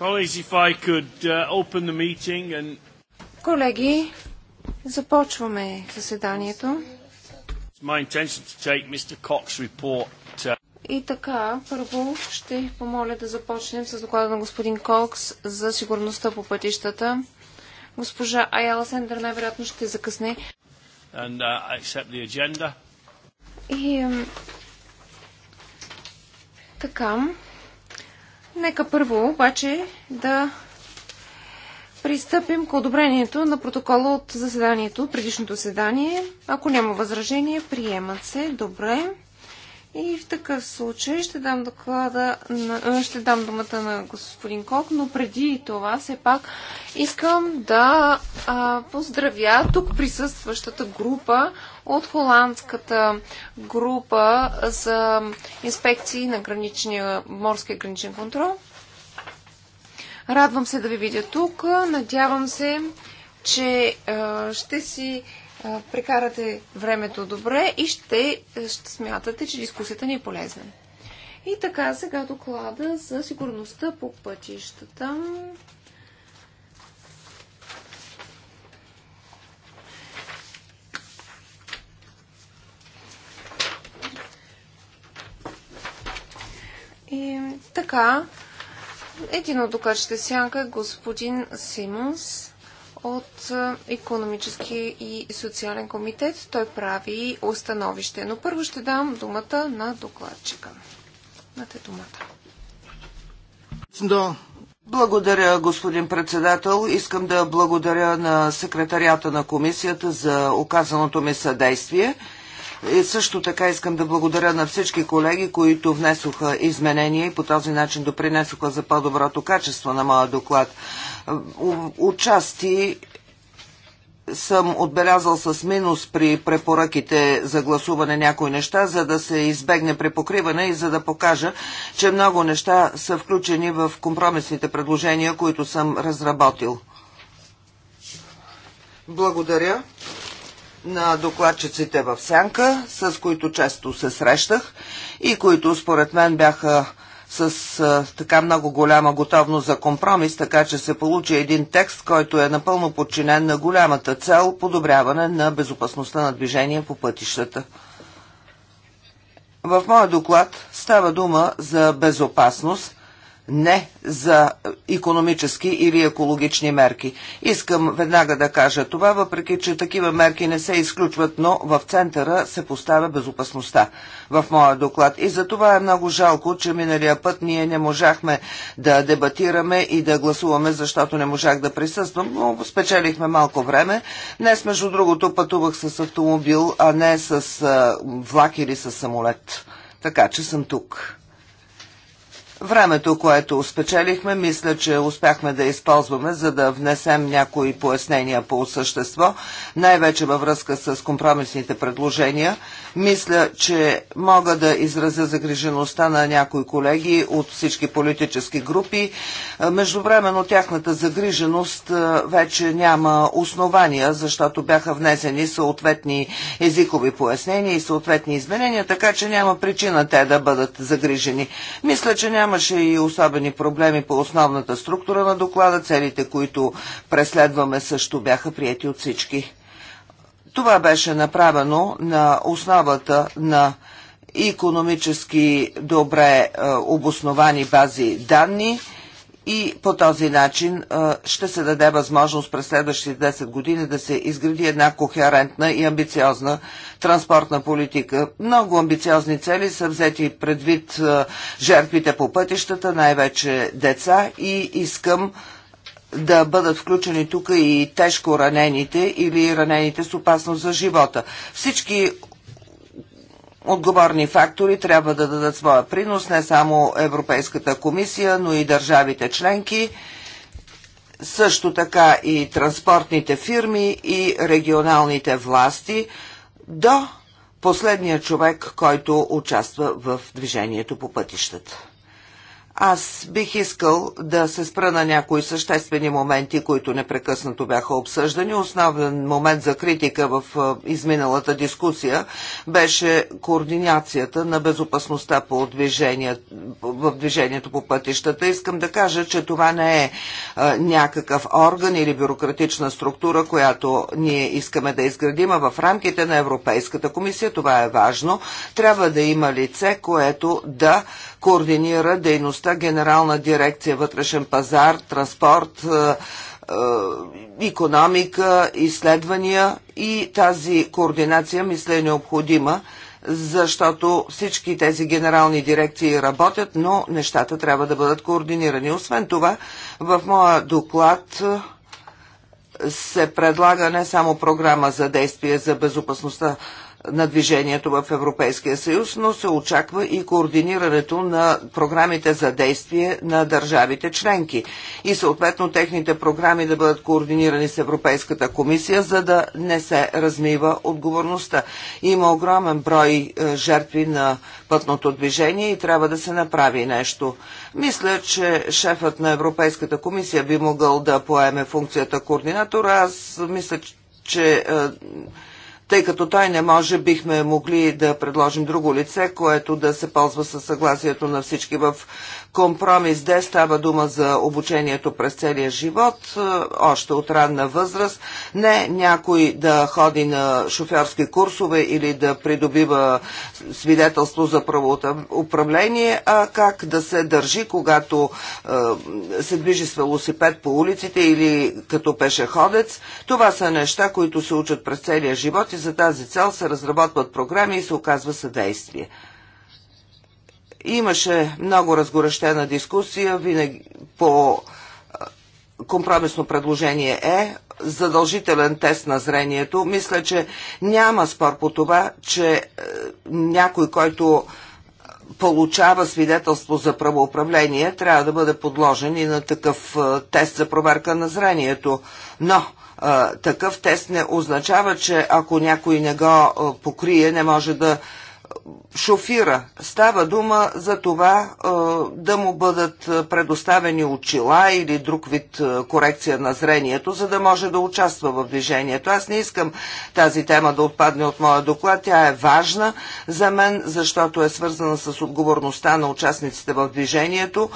Uh, Колеги, започваме заседанието. Uh, И така, първо ще помоля да започнем с доклада на господин Кокс за сигурността по пътищата. Госпожа Айала Сендер най-вероятно ще закъсне. And, uh, И така, Нека първо обаче да пристъпим к одобрението на протокола от заседанието, предишното заседание. Ако няма възражение, приемат се. Добре. И в такъв случай ще дам, доклада на, ще дам думата на господин Кок, но преди това все пак искам да а, поздравя тук присъстващата група от холандската група за инспекции на граничния, морския граничен контрол. Радвам се да ви видя тук. Надявам се, че а, ще си прекарате времето добре и ще, е, ще смятате, че дискусията ни е полезна. И така, сега доклада за сигурността по пътищата. И така, един от докачите сянка е господин Симонс от е, економически и социален комитет. Той прави установище. Но първо ще дам думата на докладчика. Мате думата. Благодаря, господин председател. Искам да благодаря на секретарията на комисията за оказаното ми съдействие. И също така искам да благодаря на всички колеги, които внесоха изменения и по този начин допринесоха за по-доброто качество на моя доклад. Отчасти съм отбелязал с минус при препоръките за гласуване някои неща, за да се избегне препокриване и за да покажа, че много неща са включени в компромисните предложения, които съм разработил. Благодаря на докладчиците в Сянка, с които често се срещах и които според мен бяха с а, така много голяма готовност за компромис, така че се получи един текст, който е напълно подчинен на голямата цел подобряване на безопасността на движение по пътищата. В моя доклад става дума за безопасност не за економически или екологични мерки. Искам веднага да кажа това, въпреки че такива мерки не се изключват, но в центъра се поставя безопасността в моя доклад. И за това е много жалко, че миналия път ние не можахме да дебатираме и да гласуваме, защото не можах да присъствам, но спечелихме малко време. Днес, между другото, пътувах с автомобил, а не с влак или с самолет. Така че съм тук. Времето, което спечелихме, мисля, че успяхме да използваме, за да внесем някои пояснения по същество, най-вече във връзка с компромисните предложения – мисля, че мога да изразя загрижеността на някои колеги от всички политически групи. Е, междувременно тяхната загриженост е, вече няма основания, защото бяха внесени съответни езикови пояснения и съответни изменения, така че няма причина те да бъдат загрижени. Мисля, че нямаше и особени проблеми по основната структура на доклада. Целите, които преследваме, също бяха прияти от всички. Това беше направено на основата на економически добре е, обосновани бази данни и по този начин е, ще се даде възможност през следващите 10 години да се изгради една кохерентна и амбициозна транспортна политика. Много амбициозни цели са взети предвид е, жертвите по пътищата, най-вече деца и искам да бъдат включени тук и тежко ранените или ранените с опасност за живота. Всички отговорни фактори трябва да дадат своя принос, не само Европейската комисия, но и държавите членки, също така и транспортните фирми и регионалните власти до последния човек, който участва в движението по пътищата. Аз бих искал да се спра на някои съществени моменти, които непрекъснато бяха обсъждани. Основен момент за критика в изминалата дискусия беше координацията на безопасността по движение, в движението по пътищата. Искам да кажа, че това не е някакъв орган или бюрократична структура, която ние искаме да изградим, а в рамките на Европейската комисия това е важно. Трябва да има лице, което да координира дейността Генерална дирекция вътрешен пазар, транспорт, економика, е, изследвания и тази координация мисля е необходима, защото всички тези генерални дирекции работят, но нещата трябва да бъдат координирани. Освен това, в моя доклад е, се предлага не само програма за действие за безопасността на движението в Европейския съюз, но се очаква и координирането на програмите за действие на държавите членки и съответно техните програми да бъдат координирани с Европейската комисия, за да не се размива отговорността. Има огромен брой е, жертви на пътното движение и трябва да се направи нещо. Мисля, че шефът на Европейската комисия би могъл да поеме функцията координатора. Аз мисля, че е, тъй като той не може, бихме могли да предложим друго лице, което да се ползва със съгласието на всички в компромис Д става дума за обучението през целия живот, е, още от ранна възраст. Не някой да ходи на шофьорски курсове или да придобива свидетелство за правоуправление, а как да се държи, когато е, се движи с велосипед по улиците или като пешеходец. Това са неща, които се учат през целия живот и за тази цел се разработват програми и се оказва съдействие. Имаше много разгорещена дискусия винаги по компромисно предложение е задължителен тест на зрението. Мисля, че няма спор по това, че е, някой, който получава свидетелство за правоуправление, трябва да бъде подложен и на такъв тест за проверка на зрението. Но такъв тест не означава, че ако някой не го покрие, не може да шофира. Става дума за това е, да му бъдат е, предоставени очила или друг вид е, корекция на зрението, за да може да участва в движението. Аз не искам тази тема да отпадне от моя доклад. Тя е важна за мен, защото е свързана с отговорността на участниците в движението,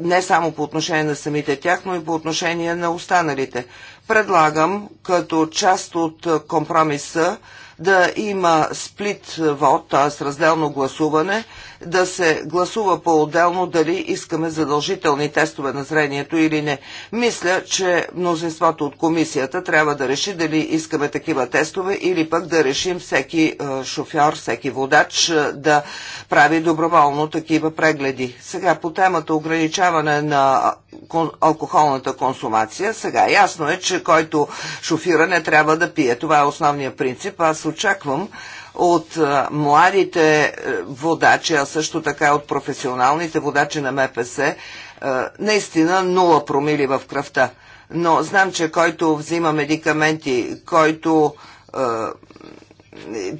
не само по отношение на самите тях, но и по отношение на останалите. Предлагам като част от компромиса да има сплит вод, т.е. разделно гласуване, да се гласува по-отделно дали искаме задължителни тестове на зрението или не. Мисля, че мнозинството от комисията трябва да реши дали искаме такива тестове или пък да решим всеки е, шофьор, всеки водач е, да прави доброволно такива прегледи. Сега по темата ограничаване на алкохолната консумация. Сега ясно е, че който шофира не трябва да пие. Това е основният принцип. Аз очаквам от младите е, водачи, а също така от професионалните водачи на МПС, е, наистина нула промили в кръвта. Но знам, че който взима медикаменти, който е,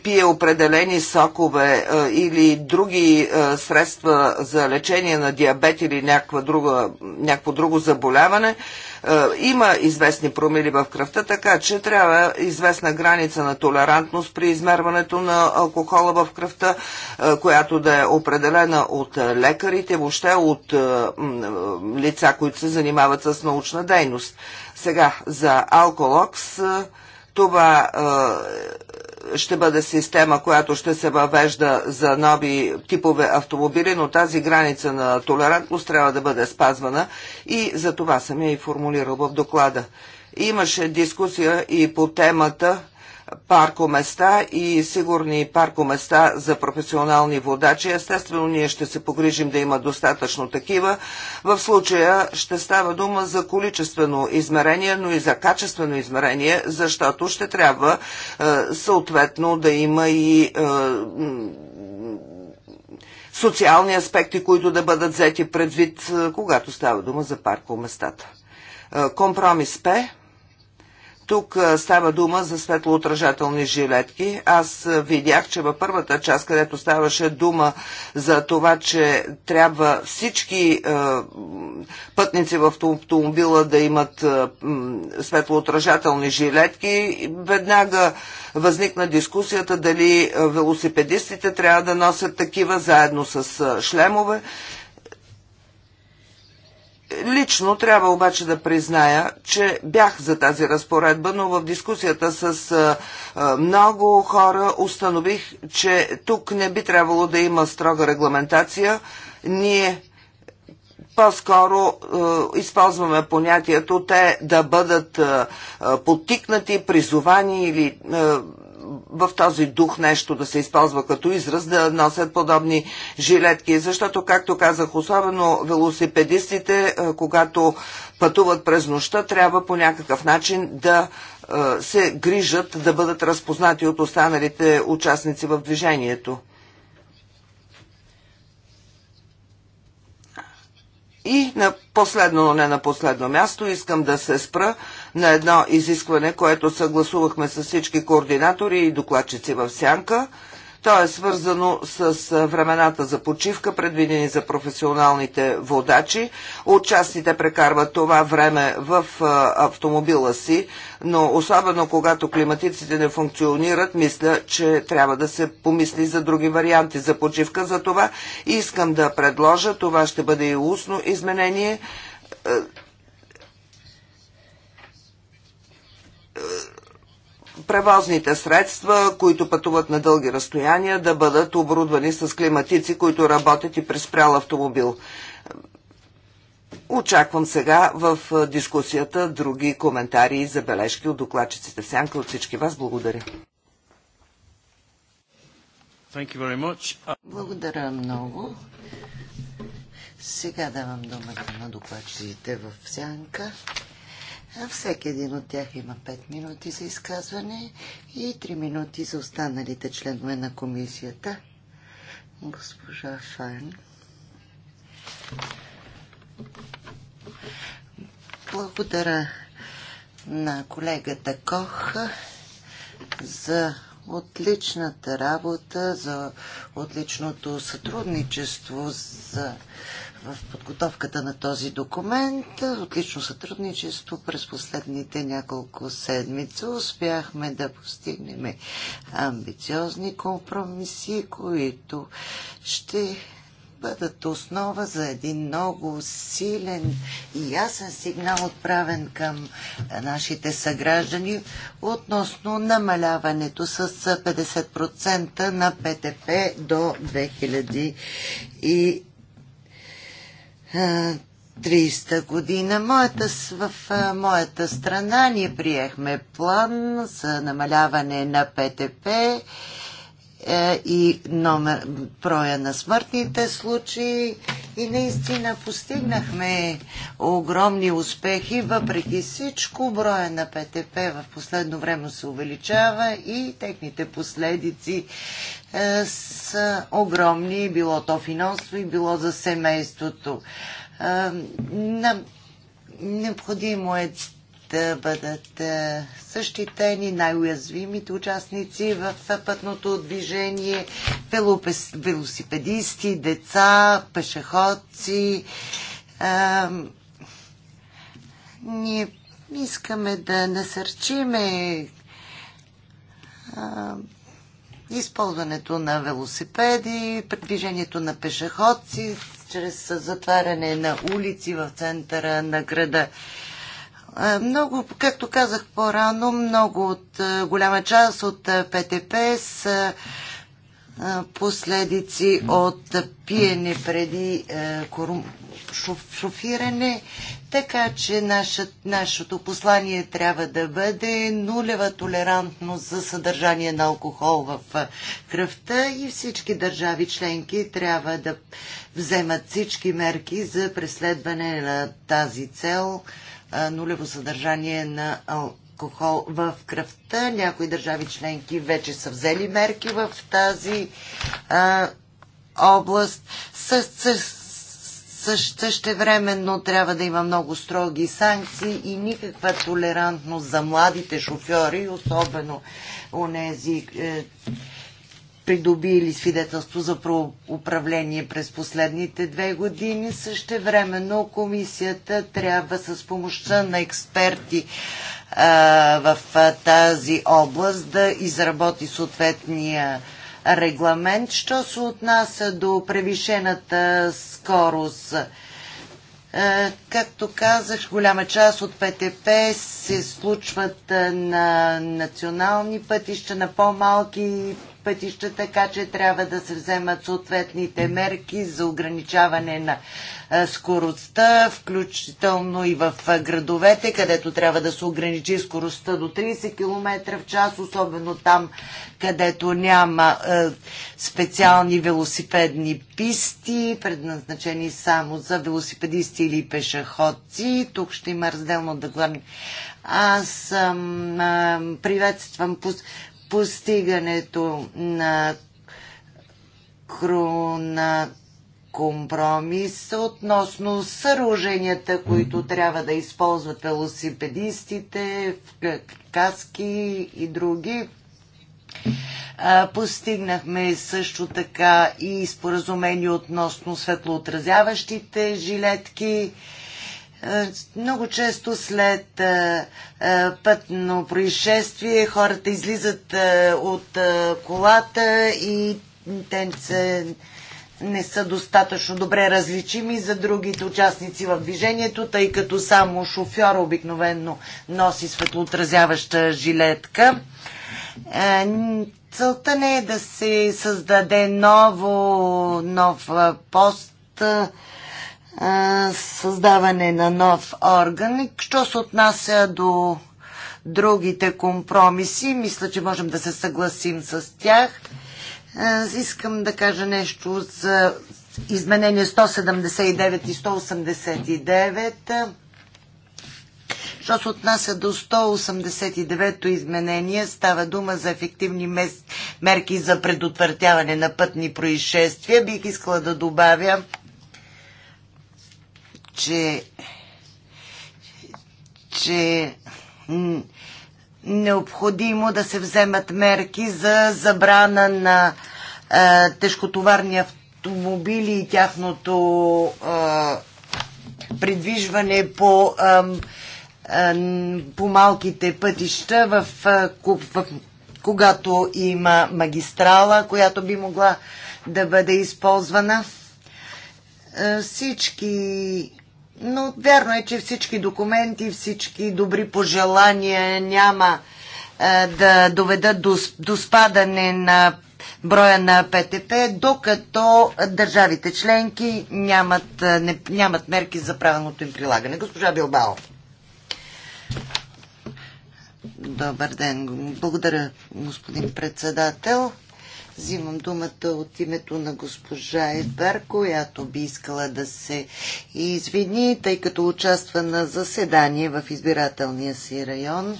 пие определени сокове а, или други а, средства за лечение на диабет или друга, някакво друго заболяване, а, има известни промили в кръвта, така че трябва известна граница на толерантност при измерването на алкохола в кръвта, а, която да е определена от лекарите, въобще от а, м, лица, които се занимават с научна дейност. Сега за алколокс. А, това е, ще бъде система, която ще се въвежда за нови типове автомобили, но тази граница на толерантност трябва да бъде спазвана и за това съм я и формулирал в доклада. Имаше дискусия и по темата паркоместа и сигурни паркоместа за професионални водачи. Естествено, ние ще се погрижим да има достатъчно такива. В случая ще става дума за количествено измерение, но и за качествено измерение, защото ще трябва е, съответно да има и е, социални аспекти, които да бъдат взети предвид, е, когато става дума за паркоместата. Компромис П тук става дума за светлоотражателни жилетки. Аз видях, че във първата част, където ставаше дума за това, че трябва всички е, пътници в автомобила да имат е, светлоотражателни жилетки, веднага възникна дискусията дали велосипедистите трябва да носят такива заедно с шлемове. Лично трябва обаче да призная, че бях за тази разпоредба, но в дискусията с много хора установих, че тук не би трябвало да има строга регламентация. Ние по-скоро използваме понятието те да бъдат потикнати, подтикнати, призовани или в този дух нещо да се използва като израз, да носят подобни жилетки. Защото, както казах, особено велосипедистите, е, когато пътуват през нощта, трябва по някакъв начин да е, се грижат да бъдат разпознати от останалите участници в движението. И на последно, но не на последно място, искам да се спра на едно изискване, което съгласувахме с всички координатори и докладчици в сянка. То е свързано с времената за почивка, предвидени за професионалните водачи. Отчастите прекарват това време в автомобила си, но особено когато климатиците не функционират, мисля, че трябва да се помисли за други варианти за почивка. За това искам да предложа, това ще бъде и устно изменение превозните средства, които пътуват на дълги разстояния, да бъдат оборудвани с климатици, които работят и при спрял автомобил. Очаквам сега в дискусията други коментари и забележки от докладчиците в сянка от всички вас. Благодаря. Uh, благодаря много. Сега давам думата на докладчиците в сянка. Всеки един от тях има 5 минути за изказване и 3 минути за останалите членове на комисията. Госпожа Файн. Благодаря на колегата Кох за отличната работа, за отличното сътрудничество, за в подготовката на този документ. Отлично сътрудничество през последните няколко седмици успяхме да постигнем амбициозни компромиси, които ще бъдат основа за един много силен и ясен сигнал отправен към нашите съграждани относно намаляването с 50% на ПТП до 2000 и 30 година. Моята, в моята страна ние приехме план за намаляване на ПТП е, и номер, броя на смъртните случаи и наистина постигнахме огромни успехи. Въпреки всичко, броя на ПТП в последно време се увеличава и техните последици е, са огромни, било то финансово и било за семейството. Е, необходимо е да бъдат същитени е, най-уязвимите участници в пътното движение, велосипедисти, деца, пешеходци. Е, ние искаме да насърчиме е, използването на велосипеди, движението на пешеходци, чрез затваряне на улици в центъра на града. Е, много, както казах по-рано, много от е, голяма част от ПТП е, са последици от пиене преди шофиране, така че нашето послание трябва да бъде нулева толерантност за съдържание на алкохол в кръвта и всички държави членки трябва да вземат всички мерки за преследване на тази цел – нулево съдържание на алкохол в кръвта. Някои държави членки вече са взели мерки в тази а, област. Същевременно трябва да има много строги санкции и никаква толерантност за младите шофьори, особено у нези. Е, придобили свидетелство за управление през последните две години. Същевременно комисията трябва с помощта на експерти в тази област да изработи съответния регламент. Що се отнася до превишената скорост? Както казах, голяма част от ПТП се случват на национални пътища, на по-малки пътища, така че трябва да се вземат съответните мерки за ограничаване на скоростта, включително и в градовете, където трябва да се ограничи скоростта до 30 км в час, особено там, където няма специални велосипедни писти, предназначени само за велосипедисти или пешеходци. Тук ще има разделно да главни. Аз приветствам постигането на крона компромис относно съоръженията, които трябва да използват велосипедистите, каски и други. Постигнахме също така и споразумение относно светлоотразяващите жилетки е, много често след е, е, пътно происшествие хората излизат от колата и те не са достатъчно добре различими за другите участници в движението, тъй като само шофьор обикновенно носи светлоотразяваща жилетка. Целта не е да се създаде ново, нов пост, създаване на нов орган. Що се отнася до другите компромиси, мисля, че можем да се съгласим с тях. Искам да кажа нещо за изменение 179 и 189. Що се отнася до 189-то изменение, става дума за ефективни мес... мерки за предотвратяване на пътни происшествия. Бих искала да добавя че, че необходимо да се вземат мерки за забрана на е, тежкотоварни автомобили и тяхното е, придвижване по, е, по малките пътища в, в, в когато има магистрала, която би могла да бъде използвана. Всички но вярно е, че всички документи, всички добри пожелания няма а, е, да доведат до, до спадане на броя на ПТП, докато държавите членки нямат, е, не, нямат мерки за правилното им прилагане. Госпожа Билбао. Добър ден. Благодаря, господин председател. Взимам думата от името на госпожа Едбар, която би искала да се извини, тъй като участва на заседание в избирателния си район.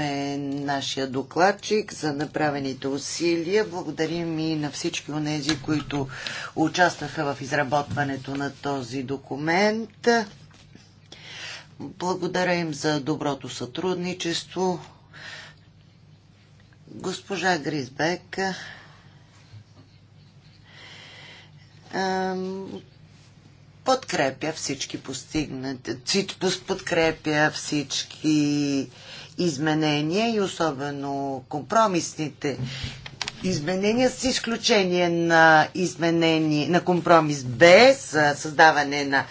е нашия докладчик за направените усилия. Благодарим и на всички от тези, които участваха в изработването на този документ. Благодаря им за доброто сътрудничество. Госпожа Гризбек подкрепя всички постигнати, подкрепя всички изменения и особено компромисните изменения с изключение на изменение на компромис Б с създаване на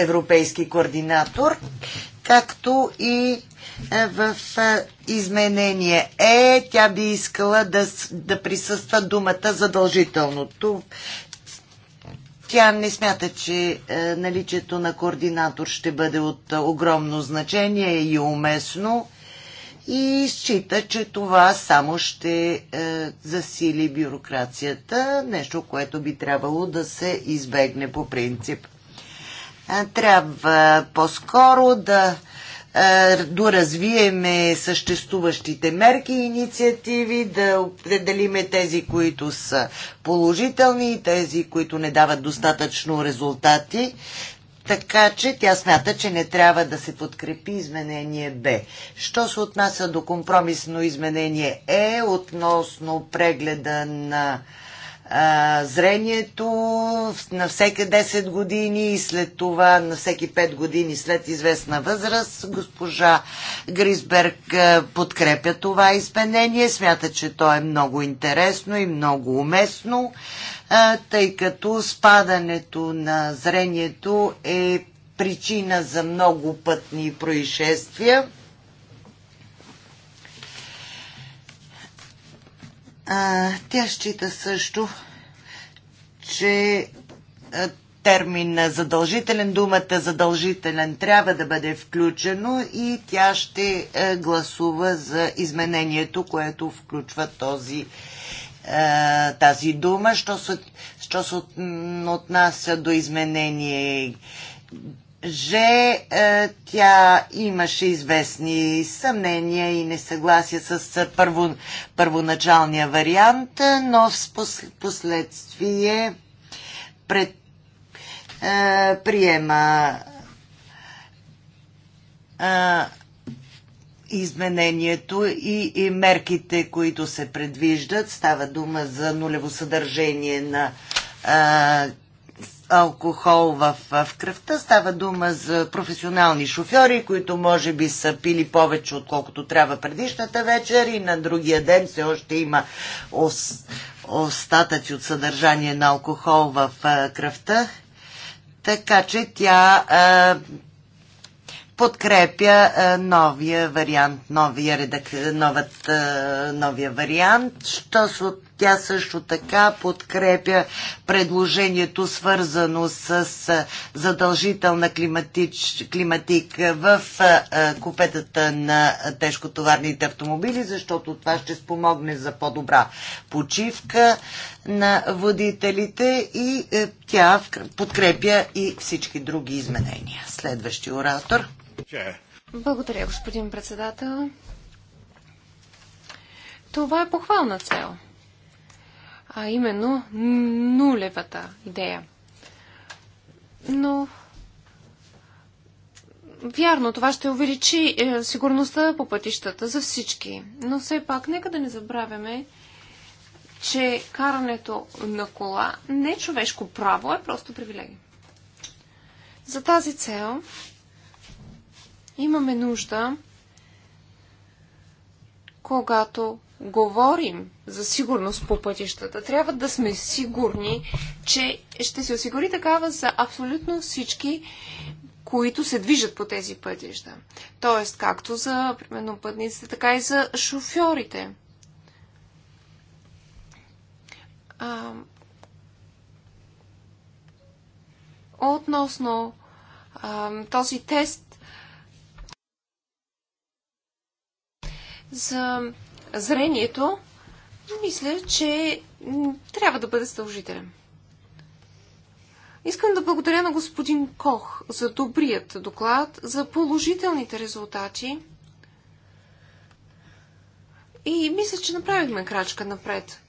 европейски координатор както и е, в е, изменение Е, тя би искала да, да присъства думата задължителното. Тя не смята, че е, наличието на координатор ще бъде от огромно значение и уместно и счита, че това само ще засили бюрокрацията, нещо, което би трябвало да се избегне по принцип трябва по-скоро да доразвиеме съществуващите мерки и инициативи, да определиме тези, които са положителни и тези, които не дават достатъчно резултати. Така че тя смята, че не трябва да се подкрепи изменение Б. Що се отнася до компромисно изменение Е относно прегледа на зрението на всеки 10 години и след това на всеки 5 години след известна възраст. Госпожа Грисберг подкрепя това изменение, смята, че то е много интересно и много уместно, тъй като спадането на зрението е причина за много пътни происшествия А, тя счита също, че термин задължителен, думата задължителен трябва да бъде включено и тя ще гласува за изменението, което включва този, тази дума. Що се, що се отнася до изменение же е, тя имаше известни съмнения и несъгласия с е, първо, първоначалния вариант, но в последствие пред, е, приема е, изменението и, и мерките, които се предвиждат. Става дума за нулево съдържание на е, алкохол в, в кръвта. Става дума за професионални шофьори, които може би са пили повече, отколкото трябва предишната вечер и на другия ден все още има ос, остатъци от съдържание на алкохол в а, кръвта. Така че тя а, подкрепя а, новия вариант, новия редак, новът, а, новия вариант. Що се от тя също така подкрепя предложението свързано с задължителна климатич, климатика в купетата на тежкотоварните автомобили, защото това ще спомогне за по-добра почивка на водителите и е, тя подкрепя и всички други изменения. Следващи оратор. Благодаря, господин председател. Това е похвална цел а именно нулевата идея. Но Вярно, това ще увеличи е, сигурността по пътищата за всички. Но все пак, нека да не забравяме, че карането на кола не е човешко право, е просто привилегия. За тази цел имаме нужда, когато говорим за сигурност по пътищата, трябва да сме сигурни, че ще се осигури такава за абсолютно всички, които се движат по тези пътища. Тоест, както за, примерно, пътниците, така и за шофьорите. А, относно а, този тест за зрението, мисля, че трябва да бъде стължителен. Искам да благодаря на господин Кох за добрият доклад, за положителните резултати. И мисля, че направихме крачка напред.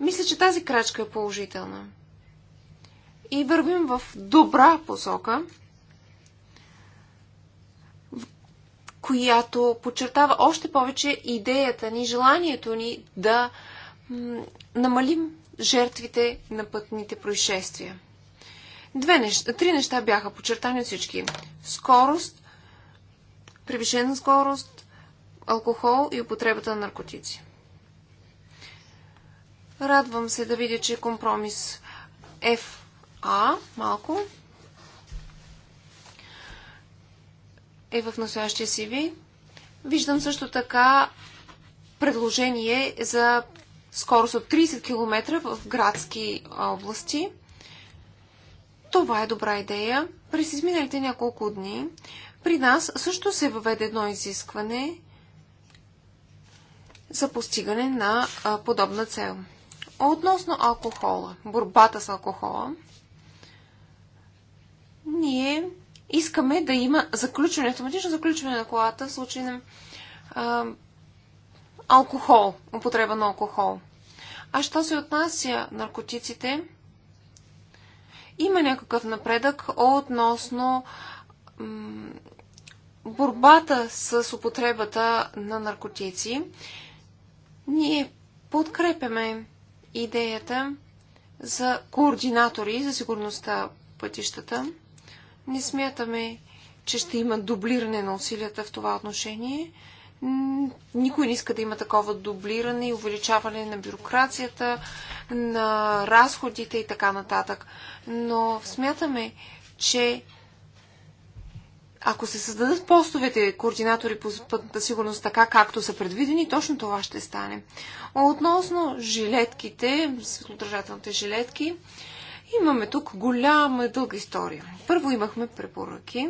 Мисля, че тази крачка е положителна. И вървим в добра посока. която подчертава още повече идеята ни, желанието ни да намалим жертвите на пътните происшествия. Две неща, три неща бяха подчертани от всички. Скорост, превишена скорост, алкохол и употребата на наркотици. Радвам се да видя, че компромис FA малко е в настоящия си ви. Виждам също така предложение за скорост от 30 км в градски области. Това е добра идея. През изминалите няколко дни при нас също се въведе едно изискване за постигане на подобна цел. Относно алкохола, борбата с алкохола, ние искаме да има заключване, автоматично заключване на колата в случай на а, алкохол, употреба на алкохол. А що се отнася наркотиците, има някакъв напредък относно борбата с употребата на наркотици. Ние подкрепяме идеята за координатори за сигурността пътищата. Не смятаме, че ще има дублиране на усилията в това отношение. Никой не иска да има такова дублиране и увеличаване на бюрокрацията, на разходите и така нататък. Но смятаме, че ако се създадат постовете координатори по пътната сигурност така, както са предвидени, точно това ще стане. Относно жилетките, светлодържателните жилетки, Имаме тук голяма и дълга история. Първо имахме препоръки,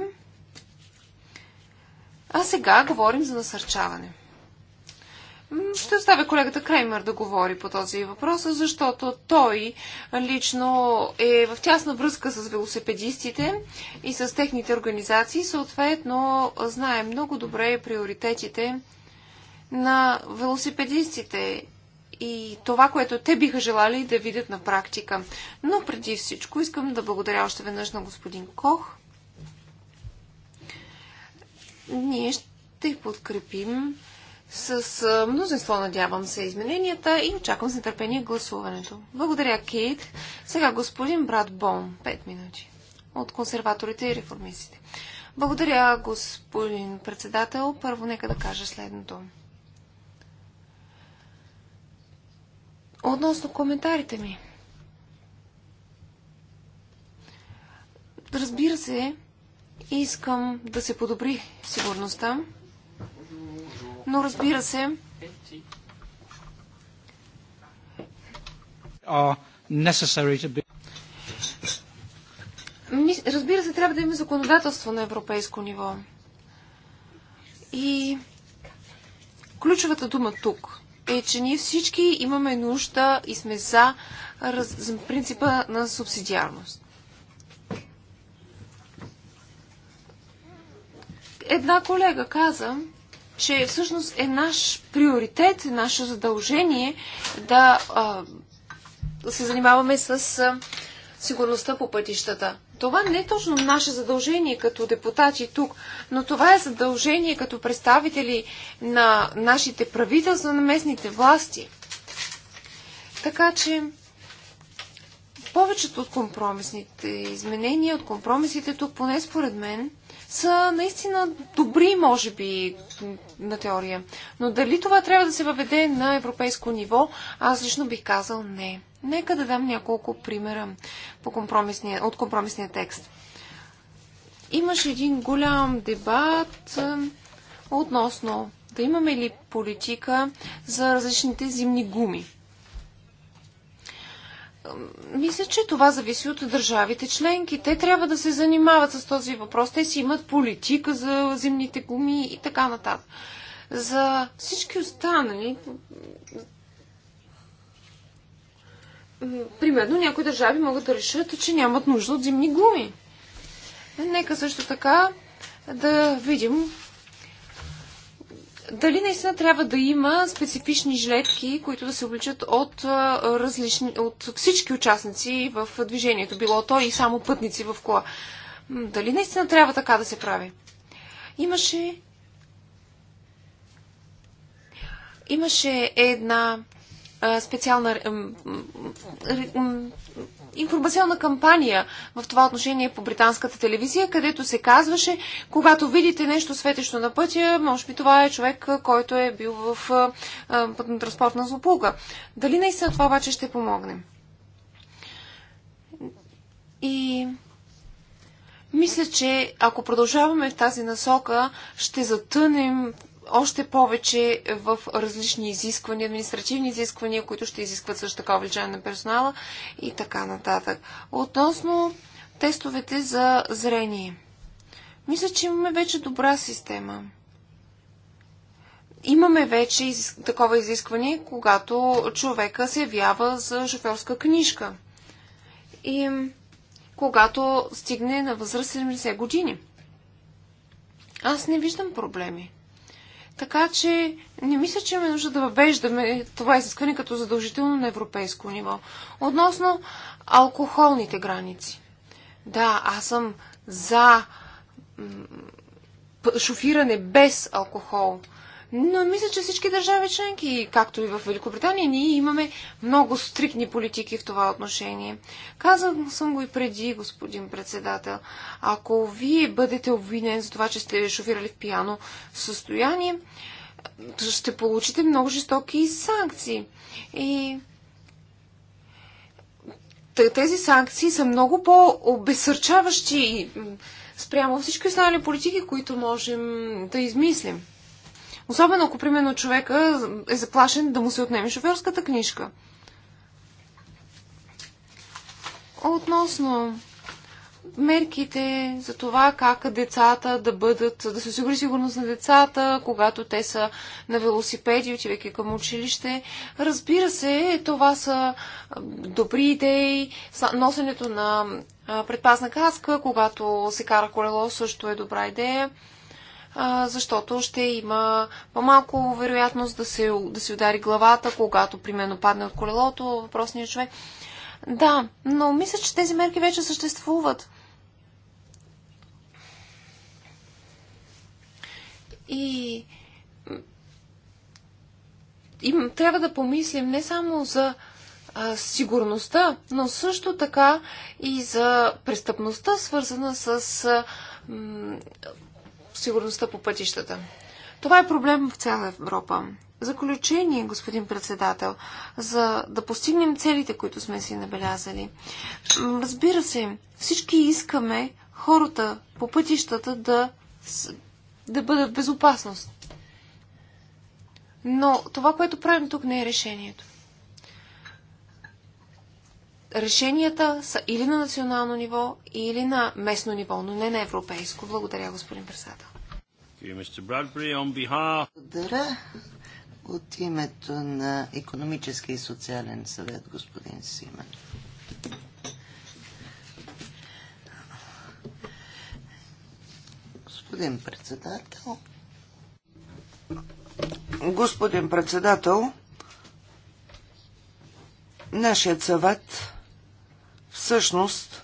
а сега говорим за насърчаване. Ще оставя колегата Креймер да говори по този въпрос, защото той лично е в тясна връзка с велосипедистите и с техните организации. Съответно, знае много добре приоритетите на велосипедистите и това, което те биха желали да видят на практика. Но преди всичко искам да благодаря още веднъж на господин Кох. Ние ще подкрепим с мнозинство, надявам се, измененията и очаквам с нетърпение гласуването. Благодаря, Кейт. Сега господин Брат Бон, 5 минути. От консерваторите и реформистите. Благодаря, господин председател. Първо нека да кажа следното. Относно коментарите ми. Разбира се, искам да се подобри сигурността, но разбира се, Разбира се, трябва да има законодателство на европейско ниво. И ключовата дума тук е, че ние всички имаме нужда и сме за, за принципа на субсидиарност. Една колега каза, че всъщност е наш приоритет, е наше задължение да, а, да се занимаваме с а, сигурността по пътищата. Това не е точно наше задължение като депутати тук, но това е задължение като представители на нашите правителства, на местните власти. Така че повечето от компромисните изменения, от компромисите тук, поне според мен, са наистина добри, може би, на теория. Но дали това трябва да се въведе на европейско ниво, аз лично бих казал не. Нека да дам няколко примера по компромисния, от компромисния текст. Имаше един голям дебат е, относно да имаме ли политика за различните зимни гуми. Е, мисля, че това зависи от държавите членки. Те трябва да се занимават с този въпрос. Те си имат политика за зимните гуми и така нататък. За всички останали примерно някои държави могат да решат, че нямат нужда от зимни гуми. Нека също така да видим дали наистина трябва да има специфични жилетки, които да се обличат от, различни, от всички участници в движението, било то и само пътници в кола. Дали наистина трябва така да се прави? Имаше. Имаше една специална информационна кампания в това отношение по британската телевизия, където се казваше, когато видите нещо светещо на пътя, може би това е човек, който е бил в пътно-транспортна злополука. Дали наистина това обаче ще помогне? И мисля, че ако продължаваме в тази насока, ще затънем още повече в различни изисквания, административни изисквания, които ще изискват също така увеличаване на персонала и така нататък. Относно тестовете за зрение. Мисля, че имаме вече добра система. Имаме вече такова изискване, когато човека се явява за шофьорска книжка. И когато стигне на възраст 70 години. Аз не виждам проблеми. Така че не мисля, че имаме нужда да въвеждаме това изискване като задължително на европейско ниво. Относно алкохолните граници. Да, аз съм за шофиране без алкохол. Но мисля, че всички държави членки, както и в Великобритания, ние имаме много стрикни политики в това отношение. Казал съм го и преди, господин председател. Ако вие бъдете обвинен за това, че сте шофирали в пияно състояние, ще получите много жестоки санкции. И тези санкции са много по-обесърчаващи спрямо всички останали политики, които можем да измислим. Особено ако, примерно, човека е заплашен да му се отнеме шофьорската книжка. Относно мерките за това как децата да бъдат, да се осигури сигурност на децата, когато те са на велосипеди, отивайки към училище. Разбира се, това са добри идеи. Носенето на предпазна каска, когато се кара колело, също е добра идея защото ще има по-малко вероятност да, се, да си удари главата, когато, примерно, падне от колелото въпросният човек. Да, но мисля, че тези мерки вече съществуват. И и трябва да помислим не само за а, сигурността, но също така и за престъпността, свързана с а, м, сигурността по пътищата. Това е проблем в цяла Европа. Заключение, господин председател, за да постигнем целите, които сме си набелязали. Разбира се, всички искаме хората по пътищата да, да бъдат в безопасност. Но това, което правим тук, не е решението. Решенията са или на национално ниво, или на местно ниво, но не на европейско. Благодаря, господин председател. Благодаря. От името на Економически и социален съвет, господин Симен. Господин председател. Господин председател, нашият съвет всъщност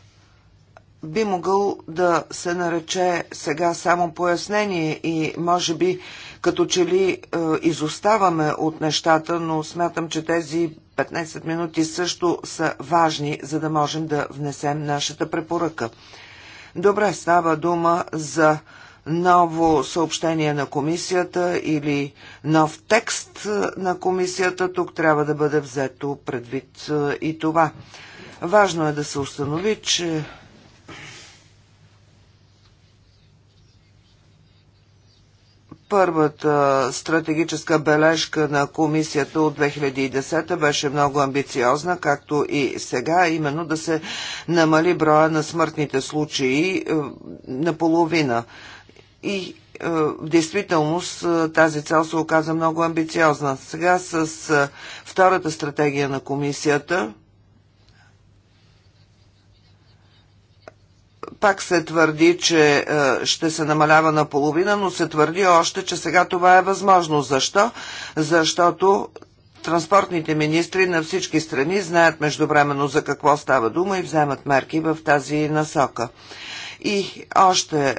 би могъл да се нарече сега само пояснение и може би като че ли е, изоставаме от нещата, но смятам, че тези 15 минути също са важни, за да можем да внесем нашата препоръка. Добре, става дума за ново съобщение на комисията или нов текст е, на комисията. Тук трябва да бъде взето предвид е, и това. Важно е да се установи, че Първата стратегическа бележка на комисията от 2010 беше много амбициозна, както и сега, именно да се намали броя на смъртните случаи е, наполовина. И е, в действителност е, тази цел се оказа много амбициозна. Сега с втората стратегия на комисията – пак се твърди, че е, ще се намалява на половина, но се твърди още, че сега това е възможно. Защо? Защото транспортните министри на всички страни знаят междувременно за какво става дума и вземат мерки в тази насока. И още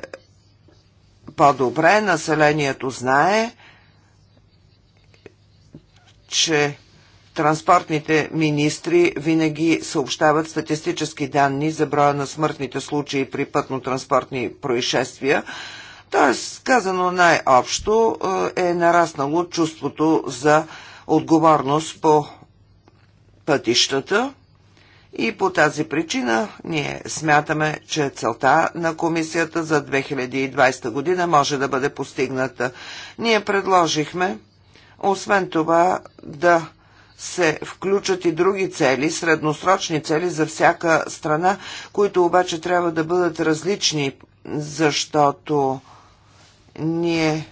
по-добре населението знае, че транспортните министри винаги съобщават статистически данни за броя на смъртните случаи при пътно-транспортни происшествия. Т.е. казано най-общо е нараснало чувството за отговорност по пътищата и по тази причина ние смятаме, че целта на комисията за 2020 година може да бъде постигната. Ние предложихме, освен това, да се включат и други цели, средносрочни цели за всяка страна, които обаче трябва да бъдат различни, защото ние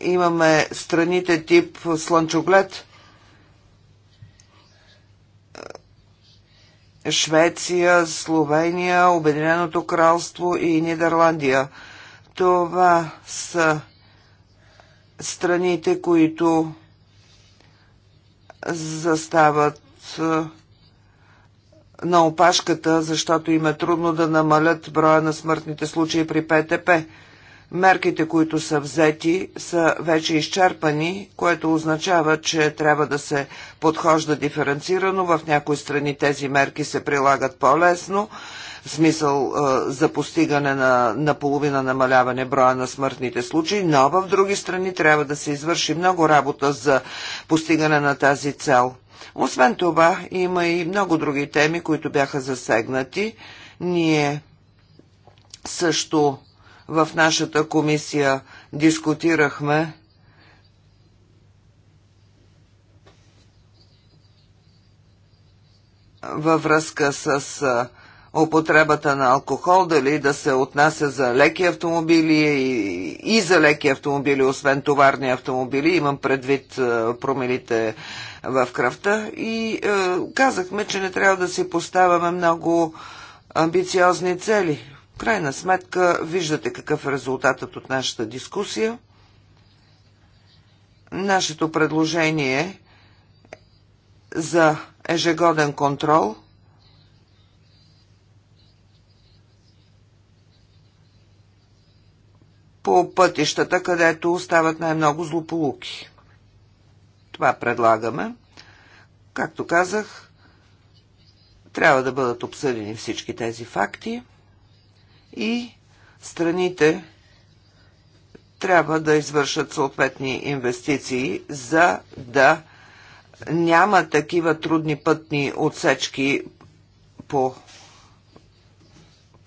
имаме страните тип слънчоглед, Швеция, Словения, Обединеното кралство и Нидерландия. Това са страните, които застават на опашката, защото им е трудно да намалят броя на смъртните случаи при ПТП. Мерките, които са взети, са вече изчерпани, което означава, че трябва да се подхожда диференцирано. В някои страни тези мерки се прилагат по-лесно смисъл за постигане на половина намаляване броя на смъртните случаи, но в други страни трябва да се извърши много работа за постигане на тази цел. Освен това, има и много други теми, които бяха засегнати. Ние също в нашата комисия дискутирахме във връзка с употребата на алкохол, дали да се отнася за леки автомобили и, и за леки автомобили, освен товарни автомобили, имам предвид е, промилите в кръвта. И е, казахме, че не трябва да си поставяме много амбициозни цели. В крайна сметка, виждате какъв е резултатът от нашата дискусия. Нашето предложение е за ежегоден контрол – по пътищата, където остават най-много злополуки. Това предлагаме. Както казах, трябва да бъдат обсъдени всички тези факти и страните трябва да извършат съответни инвестиции, за да няма такива трудни пътни отсечки по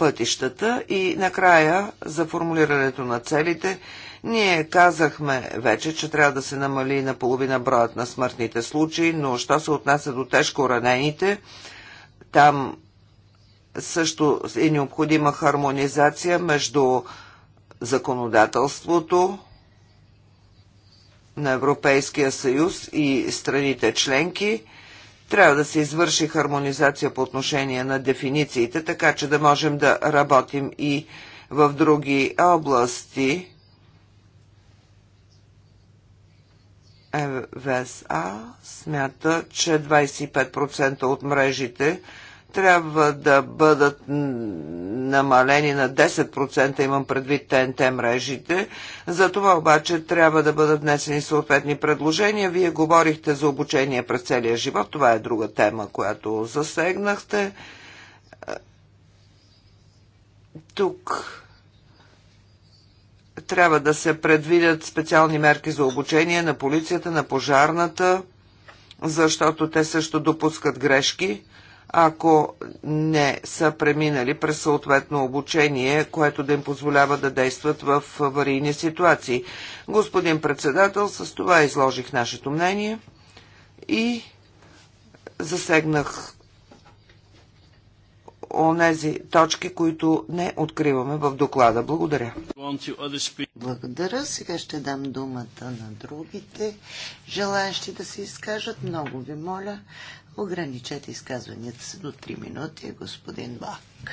пътищата и накрая за формулирането на целите. Ние казахме вече, че трябва да се намали на половина броят на смъртните случаи, но що се отнася до тежко ранените, там също е необходима хармонизация между законодателството на Европейския съюз и страните членки – трябва да се извърши хармонизация по отношение на дефинициите, така че да можем да работим и в други области. Е, ВСА смята, че 25% от мрежите трябва да бъдат намалени на 10%, имам предвид ТНТ мрежите. За това обаче трябва да бъдат внесени съответни предложения. Вие говорихте за обучение през целия живот. Това е друга тема, която засегнахте. Е, тук трябва да се предвидят специални мерки за обучение на полицията, на пожарната, защото те също допускат грешки ако не са преминали през съответно обучение, което да им позволява да действат в аварийни ситуации. Господин председател, с това изложих нашето мнение и засегнах онези точки, които не откриваме в доклада. Благодаря. Благодаря. Сега ще дам думата на другите желаящи да се изкажат. Много ви моля ограничете изказванията си до 3 минути, господин Бак.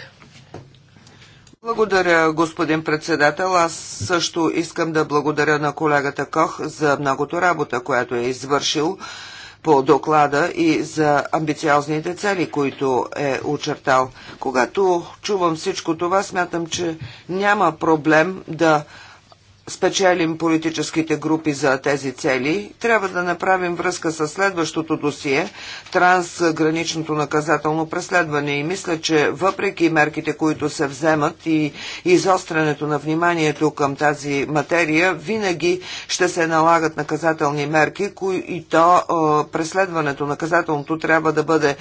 Благодаря, господин председател. Аз също искам да благодаря на колегата Кох за многото работа, която е извършил по доклада и за амбициозните цели, които е очертал. Когато чувам всичко това, смятам, че няма проблем да спечелим политическите групи за тези цели, трябва да направим връзка с следващото досие – трансграничното наказателно преследване. И мисля, че въпреки мерките, които се вземат и изострянето на вниманието към тази материя, винаги ще се налагат наказателни мерки, които и то е, преследването наказателното трябва да бъде е,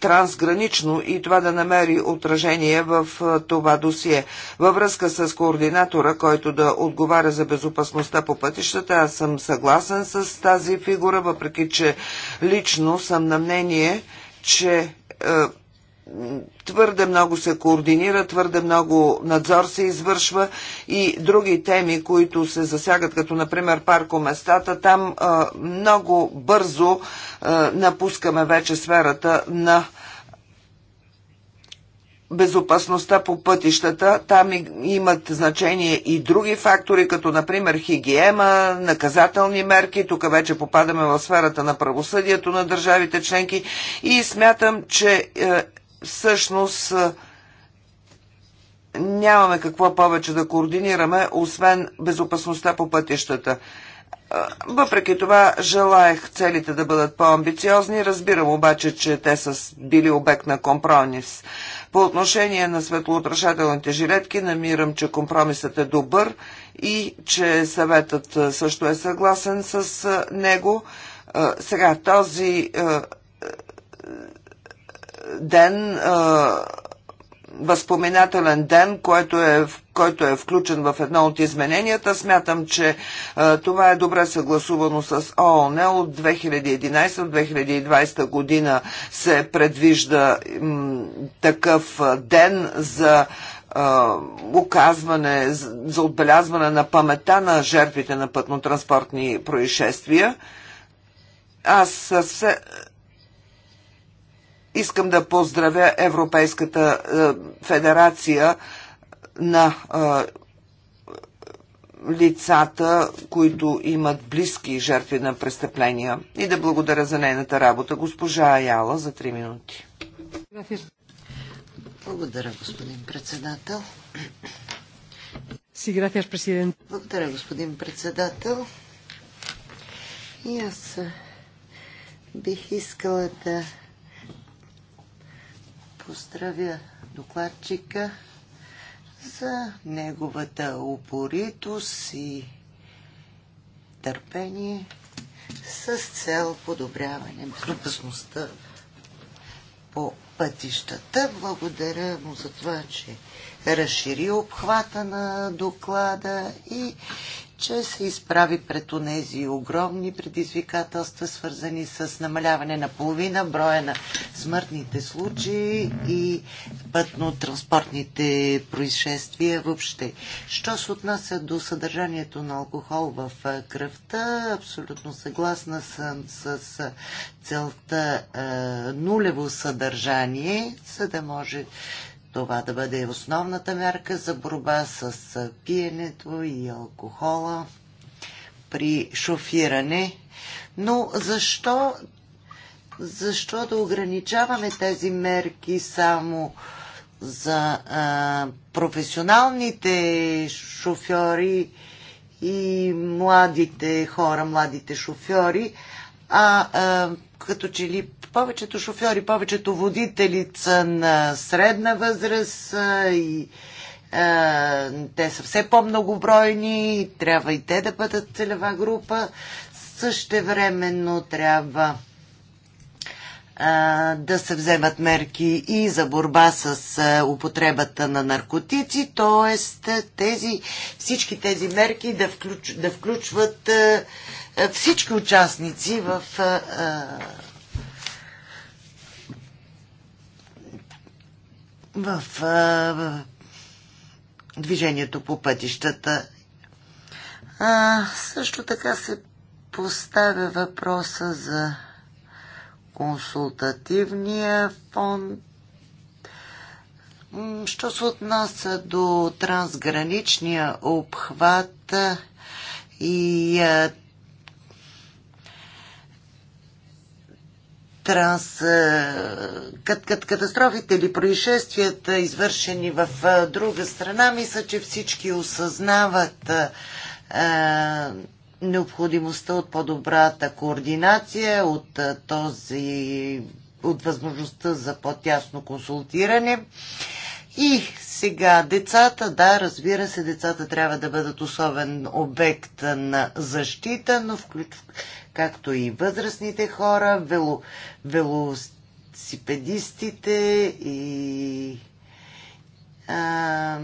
трансгранично и това да намери отражение в е, това досие. Във връзка с координатора, който да отговори отговаря за безопасността по пътищата. Аз съм съгласен с тази фигура, въпреки че лично съм на мнение, че е, твърде много се координира, твърде много надзор се извършва и други теми, които се засягат, като например паркоместата, там е, много бързо е, напускаме вече сферата на безопасността по пътищата. Там имат значение и други фактори, като например хигиема, наказателни мерки. Тук вече попадаме в сферата на правосъдието на държавите членки. И смятам, че е, всъщност е, нямаме какво повече да координираме, освен безопасността по пътищата. Е, въпреки това, желаях целите да бъдат по-амбициозни. Разбирам обаче, че те са били обект на компромис. По отношение на светлоотрашателните жилетки намирам, че компромисът е добър и че съветът също е съгласен с него. Сега този ден възпоменателен ден, който е, който е включен в едно от измененията. Смятам, че а, това е добре съгласувано с ООН. От 2011-2020 година се предвижда м, такъв ден за оказване, за отбелязване на памета на жертвите на пътно-транспортни происшествия. Аз се Искам да поздравя Европейската е, федерация на е, лицата, които имат близки жертви на престъпления и да благодаря за нейната работа. Госпожа Аяла за 3 минути. Благодаря, господин председател. Благодаря, господин председател. И аз е, бих искала да поздравя докладчика за неговата упоритост и търпение с цел подобряване безопасността по пътищата. Благодаря му за това, че разшири обхвата на доклада и че се изправи пред тези огромни предизвикателства, свързани с намаляване на половина броя на смъртните случаи и пътно-транспортните происшествия въобще. Що се отнася до съдържанието на алкохол в кръвта, абсолютно съгласна съм с целта е, нулево съдържание, за да може това да бъде основната мярка за борба с пиенето и алкохола при шофиране. Но защо, защо да ограничаваме тези мерки само за а, професионалните шофьори и младите хора, младите шофьори, а, а като че ли повечето шофьори, повечето водители са на средна възраст и а, те са все по-многобройни трябва и те да бъдат целева група. Същевременно трябва а, да се вземат мерки и за борба с а, употребата на наркотици, т.е. Тези, всички тези мерки да, включ, да включват а, е, всички участници в е, е, в, в движението по пътищата. А, също така се поставя въпроса за консултативния фонд. Що се отнася до трансграничния обхват и транс, е, кат, кат, катастрофите или происшествията, извършени в е, друга страна, мисля, че всички осъзнават е, е необходимостта от по-добрата координация, от този от възможността за по-тясно консултиране. И сега децата, да, разбира се, децата трябва да бъдат особен обект на защита, но както и възрастните хора, вело, велосипедистите и а,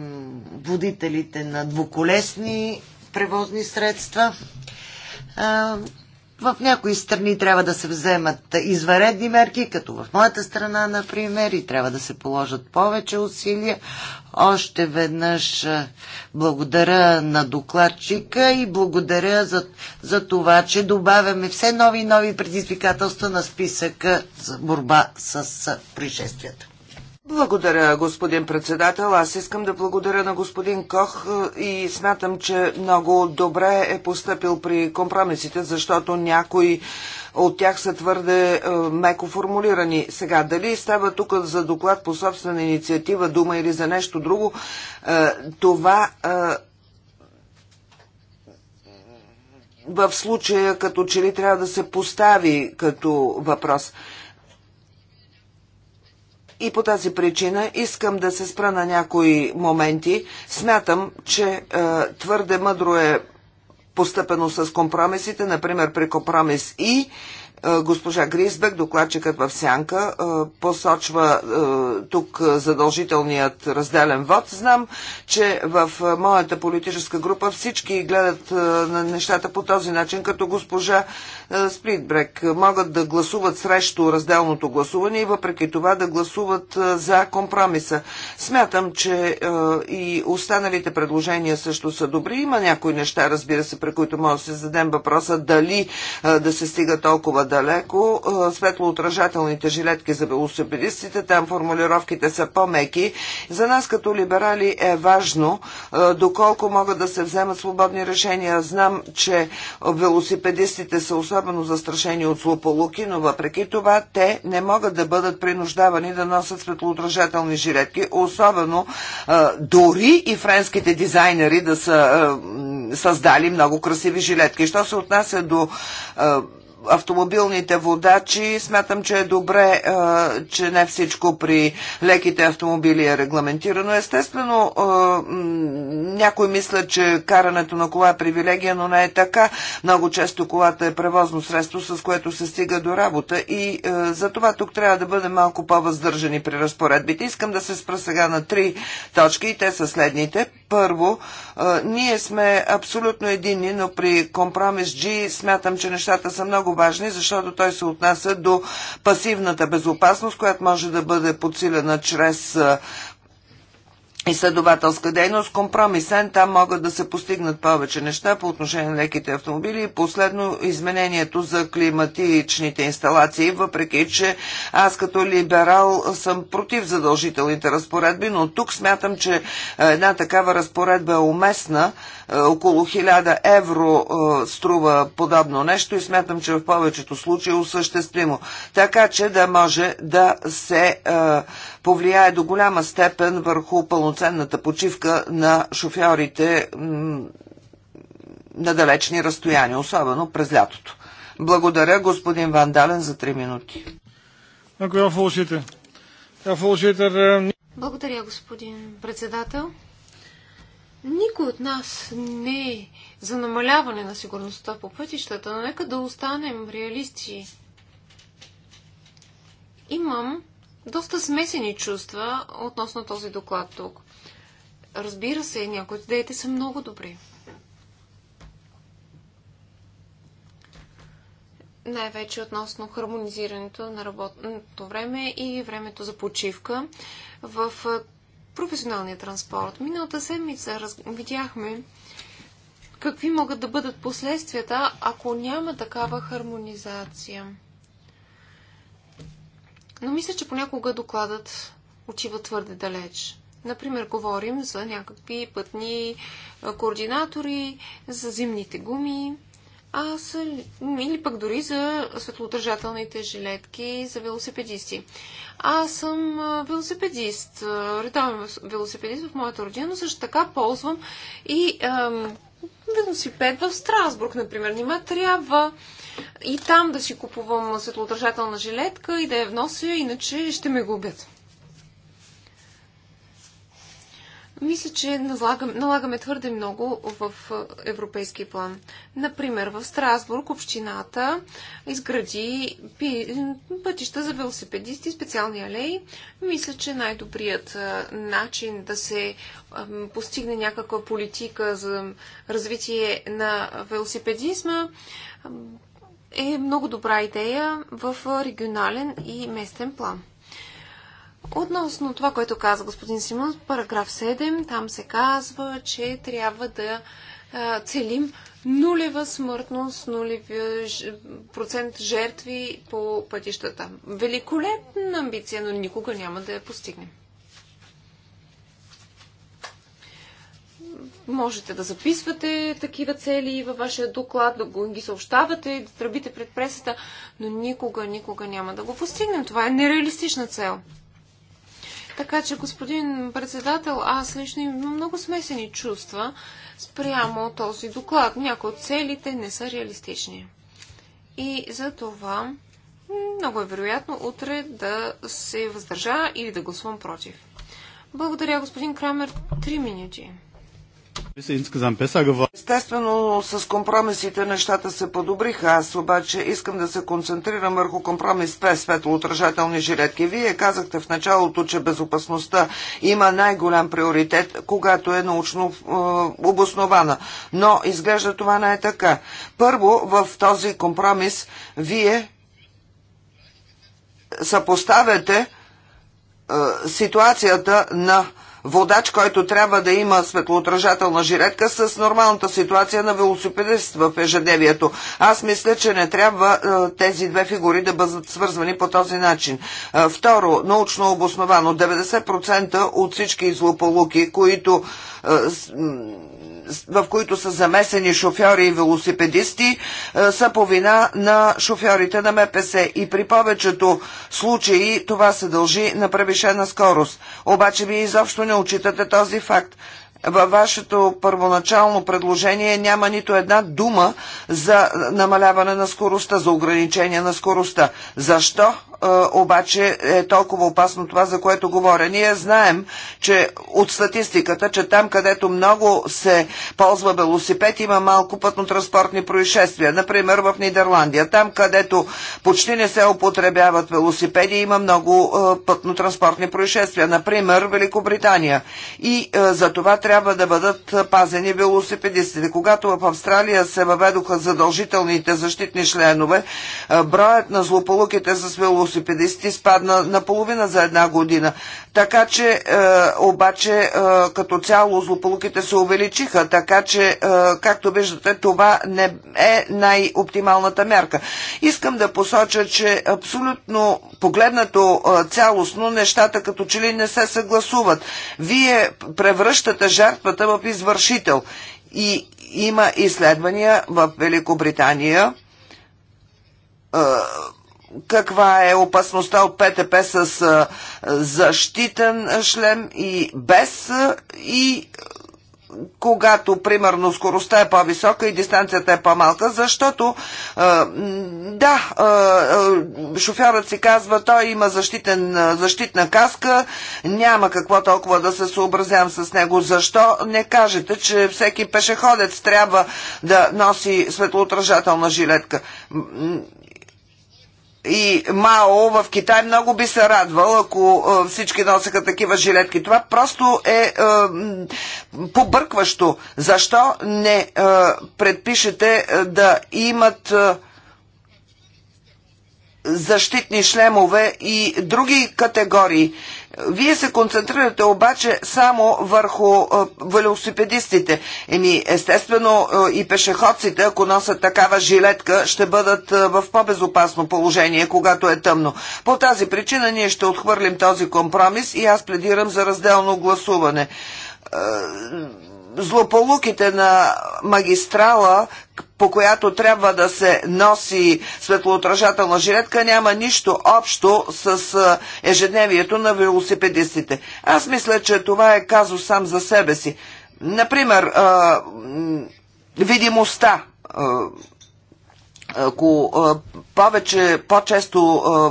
водителите на двуколесни превозни средства. А, в някои страни трябва да се вземат изваредни мерки, като в моята страна, например, и трябва да се положат повече усилия. Още веднъж благодаря на докладчика и благодаря за, за това, че добавяме все нови и нови предизвикателства на списъка за борба с пришествията. Благодаря, господин председател. Аз искам да благодаря на господин Кох е, и смятам, че много добре е поступил при компромисите, защото някои от тях са твърде е, меко формулирани. Сега, дали става тук за доклад по собствена инициатива, дума или за нещо друго, е, това е, в случая като че ли трябва да се постави като въпрос. И по тази причина искам да се спра на някои моменти. Смятам, че е, твърде мъдро е постъпено с компромисите, например при компромис И е, госпожа Грисбек, докладчикът в Сянка, е, посочва е, тук задължителният разделен вод. Знам, че в моята политическа група всички гледат на нещата по този начин, като госпожа Спритбрек. могат да гласуват срещу разделното гласуване и въпреки това да гласуват за компромиса. Смятам, че и останалите предложения също са добри. Има някои неща, разбира се, при които може да се зададем въпроса дали да се стига толкова надалеко. Светлоотражателните жилетки за велосипедистите, там формулировките са по-меки. За нас като либерали е важно доколко могат да се вземат свободни решения. Знам, че велосипедистите са особено застрашени от злополуки, но въпреки това те не могат да бъдат принуждавани да носят светлоотражателни жилетки, особено дори и френските дизайнери да са създали много красиви жилетки. Що се отнася до автомобилните водачи. Смятам, че е добре, е, че не всичко при леките автомобили е регламентирано. Естествено, е, някой мисля, че карането на кола е привилегия, но не е така. Много често колата е превозно средство, с което се стига до работа и е, за това тук трябва да бъдем малко по-въздържани при разпоредбите. Искам да се спра сега на три точки и те са следните. Първо, ние сме абсолютно единни, но при компромис G смятам, че нещата са много много важни, защото той се отнася до пасивната безопасност, която може да бъде подсилена чрез изследователска дейност. Компромисен там могат да се постигнат повече неща по отношение на леките автомобили и последно изменението за климатичните инсталации, въпреки че аз като либерал съм против задължителните разпоредби, но тук смятам, че една такава разпоредба е уместна е, около 1000 евро е, струва подобно нещо и смятам, че в повечето случаи е осъществимо. Така че да може да се е, повлияе до голяма степен върху пълноценната почивка на шофьорите на далечни разстояния, особено през лятото. Благодаря, господин Вандален, за 3 минути. Благодаря, господин председател. Никой от нас не е за намаляване на сигурността по пътищата, но нека да останем реалисти. Имам доста смесени чувства относно този доклад тук. Разбира се, някои от идеите са много добри. най-вече относно хармонизирането на работното време и времето за почивка. В професионалния транспорт. Миналата седмица раз... видяхме какви могат да бъдат последствията, ако няма такава хармонизация. Но мисля, че понякога докладът отива твърде далеч. Например, говорим за някакви пътни координатори, за зимните гуми, а са, или пък дори за светлодържателните жилетки за велосипедисти. Аз съм велосипедист, редовен велосипедист в моята родина, но също така ползвам и ам, велосипед в Страсбург, например. Нима трябва и там да си купувам светлодържателна жилетка и да я внося, иначе ще ме губят. Мисля, че налагам, налагаме твърде много в европейски план. Например, в Страсбург общината изгради пътища за велосипедисти, специални алеи. Мисля, че най-добрият начин да се постигне някаква политика за развитие на велосипедизма е много добра идея в регионален и местен план. Относно това, което каза господин Симон, параграф 7, там се казва, че трябва да целим нулева смъртност, нулеви процент жертви по пътищата. Великолепна амбиция, но никога няма да я постигнем. Можете да записвате такива цели във вашия доклад, да го ги съобщавате, да тръбите пред пресата, но никога, никога няма да го постигнем. Това е нереалистична цел. Така че, господин председател, аз лично имам много смесени чувства спрямо този доклад. Някои от целите не са реалистични. И за това много е вероятно утре да се въздържа или да гласувам против. Благодаря, господин Крамер. Три минути. Естествено, с компромисите нещата се подобриха. Аз обаче искам да се концентрирам върху компромис с светлоотражателни жилетки. Вие казахте в началото, че безопасността има най-голям приоритет, когато е научно е, обоснована. Но изглежда това не е така. Първо, в този компромис вие съпоставяте е, ситуацията на водач, който трябва да има светлоотражателна жилетка с нормалната ситуация на велосипедист в ежедневието. Аз мисля, че не трябва е, тези две фигури да бъдат свързвани по този начин. Е, второ, научно обосновано, 90% от всички злополуки, които е, в които са замесени шофьори и велосипедисти, е, са по вина на шофьорите на МПС и при повечето случаи това се дължи на превишена скорост. Обаче вие изобщо не очитате този факт. Във вашето първоначално предложение няма нито една дума за намаляване на скоростта, за ограничение на скоростта. Защо обаче е толкова опасно това, за което говоря. Ние знаем, че от статистиката, че там, където много се ползва велосипед, има малко пътно-транспортни происшествия. Например, в Нидерландия, там, където почти не се употребяват велосипеди, има много пътно-транспортни происшествия. Например, Великобритания. И за това трябва да бъдат пазени велосипедистите. Когато в Австралия се въведоха задължителните защитни членове, броят на злополуките с велосипедите и спадна на половина за една година. Така че, е, обаче, е, като цяло злополуките се увеличиха, така че, е, както виждате, това не е най-оптималната мярка. Искам да посоча, че абсолютно погледнато е, цялостно нещата като че ли не се съгласуват. Вие превръщате жертвата в извършител. И има изследвания в Великобритания, е, каква е опасността от ПТП с защитен шлем и без и когато, примерно, скоростта е по-висока и дистанцията е по-малка, защото, да, шофьорът си казва, той има защитен, защитна каска, няма какво толкова да се съобразявам с него. Защо не кажете, че всеки пешеходец трябва да носи светлоотражателна жилетка? и Мао в Китай много би се радвал, ако е, всички носеха такива жилетки. Това просто е, е побъркващо. Защо не е, предпишете е, да имат е, защитни шлемове и други категории? Вие се концентрирате обаче само върху е, велосипедистите. Еми, естествено е, и пешеходците, ако носят такава жилетка, ще бъдат е, в по-безопасно положение, когато е тъмно. По тази причина ние ще отхвърлим този компромис и аз пледирам за разделно гласуване злополуките на магистрала, по която трябва да се носи светлоотражателна жилетка, няма нищо общо с ежедневието на велосипедистите. Аз мисля, че това е казо сам за себе си. Например, видимостта. Ако повече, по-често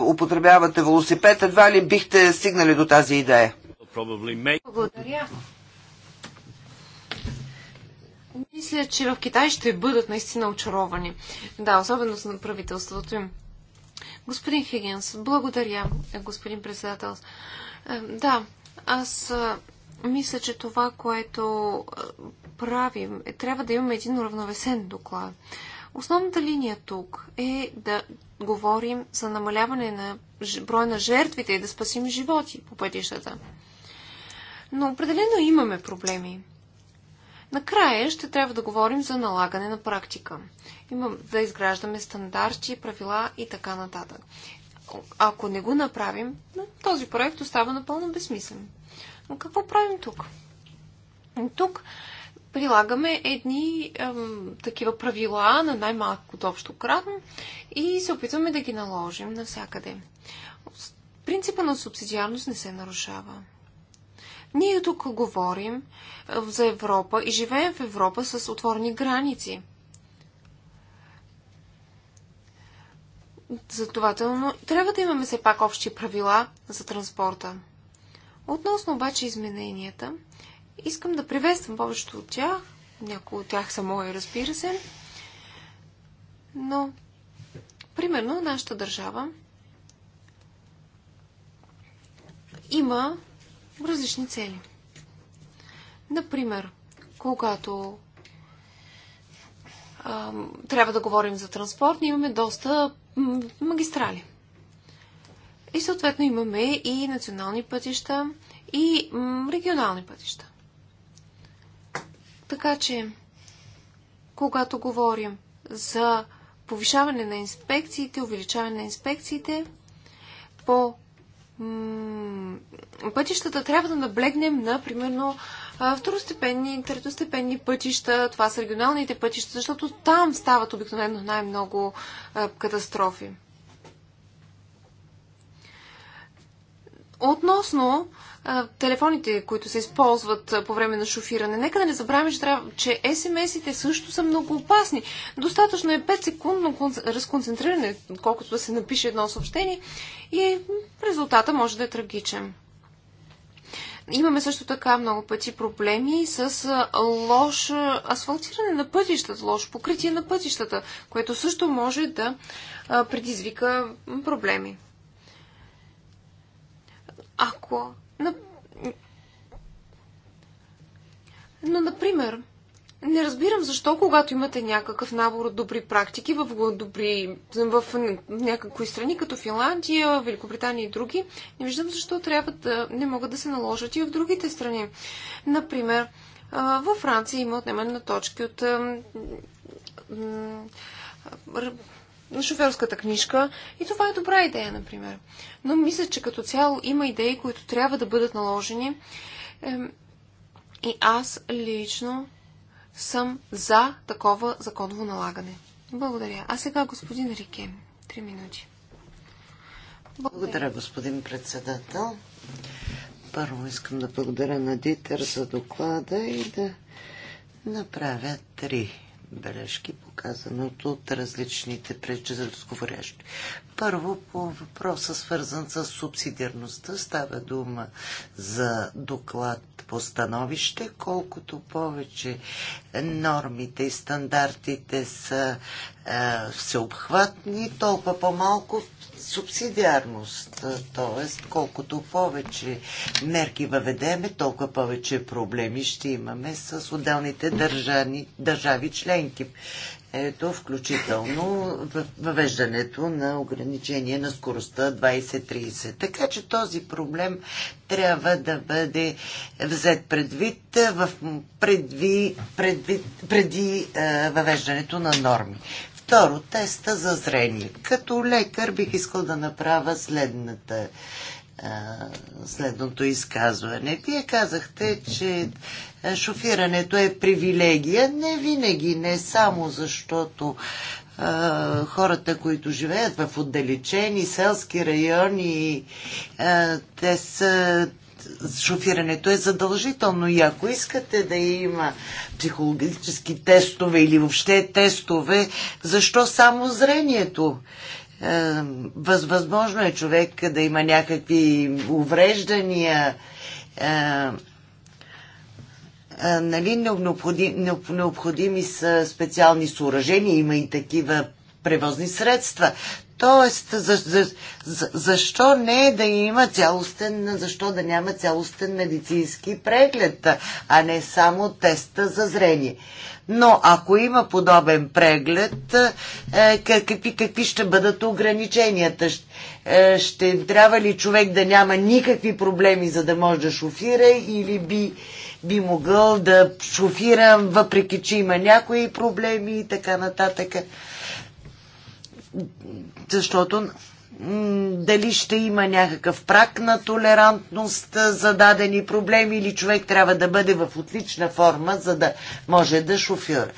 употребявате велосипед, едва ли бихте стигнали до тази идея? Благодаря. Мисля, че в Китай ще бъдат наистина очаровани. Да, особено на правителството им. Господин Хигенс, благодаря, господин председател. Е, да, аз е, мисля, че това, което е, правим, е, трябва да имаме един уравновесен доклад. Основната линия тук е да говорим за намаляване на броя на жертвите и да спасим животи по пътищата. Но определено имаме проблеми. Накрая ще трябва да говорим за налагане на практика. Имам да изграждаме стандарти, правила и така нататък. Ако не го направим, този проект остава напълно безсмислен. Но какво правим тук? Тук прилагаме едни ем, такива правила на най-малкото общо кратно и се опитваме да ги наложим навсякъде. Принципа на субсидиарност не се нарушава. Ние тук говорим за Европа и живеем в Европа с отворени граници. Затователно трябва да имаме все пак общи правила за транспорта. Относно обаче измененията, искам да приветствам повечето от тях. Някои от тях са мои, разбира се. Но, примерно, нашата държава има различни цели. Например, когато а, трябва да говорим за транспорт, ние имаме доста магистрали. И съответно имаме и национални пътища, и регионални пътища. Така че, когато говорим за повишаване на инспекциите, увеличаване на инспекциите по пътищата трябва да наблегнем на, примерно, второстепенни, третостепенни пътища, това са регионалните пътища, защото там стават обикновено най-много катастрофи. Относно телефоните, които се използват по време на шофиране, нека да не забравяме, че, че СМС-ите също са много опасни. Достатъчно е 5 секундно разконцентриране, колкото да се напише едно съобщение и резултата може да е трагичен. Имаме също така много пъти проблеми с лошо асфалтиране на пътищата, лошо покритие на пътищата, което също може да предизвика проблеми. Ако. Но, например, не разбирам защо, когато имате някакъв набор от добри практики в, добри, в някакви страни, като Финландия, Великобритания и други, не виждам защо трябва да не могат да се наложат и в другите страни. Например, във Франция има отнемане на точки от на шофьорската книжка. И това е добра идея, например. Но мисля, че като цяло има идеи, които трябва да бъдат наложени. И аз лично съм за такова законово налагане. Благодаря. А сега господин Рике. Три минути. Благодаря. благодаря, господин председател. Първо искам да благодаря на Дитер за доклада и да направя три бележки, показаното от различните пречи за разговорящи. Първо, по въпроса свързан с субсидиарността, става дума за доклад по становище. Колкото повече нормите и стандартите са е, всеобхватни, толкова по-малко субсидиарност, т.е. колкото повече мерки въведеме, толкова повече проблеми ще имаме с отделните държани, държави членки. Ето, включително въвеждането на ограничение на скоростта 20-30. Така че този проблем трябва да бъде взет предвид в предви, предвид, преди е, въвеждането на норми. Второ, теста за зрение. Като лекар бих искал да направя следната следното изказване. Вие казахте, че шофирането е привилегия. Не винаги, не само защото а, хората, които живеят в отдалечени селски райони, а, те са шофирането е задължително и ако искате да има психологически тестове или въобще тестове, защо само зрението? Е, възможно е човек да има някакви увреждания, е, е, нали, необходими, необходими са специални съоръжения, има и такива превозни средства. Тоест, за, за, за, защо не да има цялостен, защо да няма цялостен медицински преглед, а не само теста за зрение. Но ако има подобен преглед, е, какви, какви ще бъдат ограниченията? Ще, е, ще трябва ли човек да няма никакви проблеми, за да може да шофира или би, би могъл да шофира, въпреки че има някои проблеми и така нататък? защото дали ще има някакъв прак на толерантност за дадени проблеми или човек трябва да бъде в отлична форма, за да може да шофьора.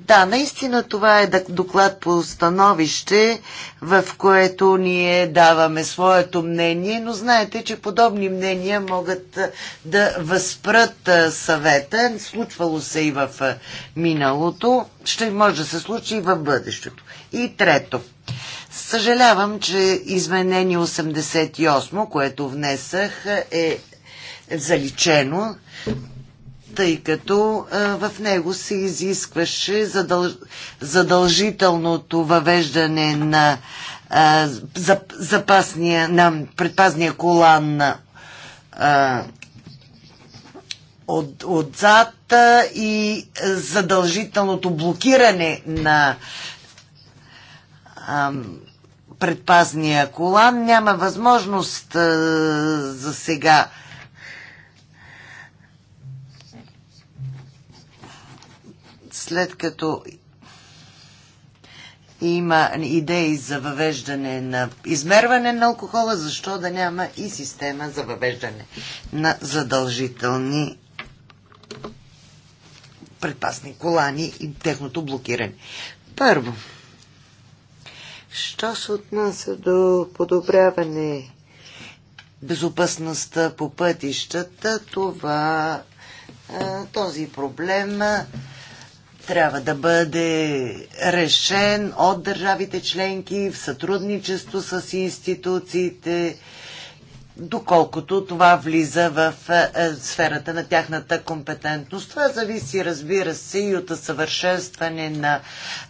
Да, наистина това е доклад по становище, в което ние даваме своето мнение, но знаете, че подобни мнения могат да възпрат съвета. Случвало се и в миналото, ще може да се случи и в бъдещето. И трето. Съжалявам, че изменение 88, което внесах, е заличено, тъй като в него се изискваше задължителното въвеждане на запасния, на предпазния колан на от, отзад и задължителното блокиране на ам, предпазния колан. Няма възможност а, за сега след като има идеи за въвеждане на измерване на алкохола, защо да няма и система за въвеждане на задължителни предпасни колани и техното блокиране. Първо, що се отнася до подобряване безопасността по пътищата, това е, този проблем е, трябва да бъде решен от държавите членки в сътрудничество с институциите, доколкото това влиза в е, е, сферата на тяхната компетентност. Това зависи, разбира се, и от съвършенстване на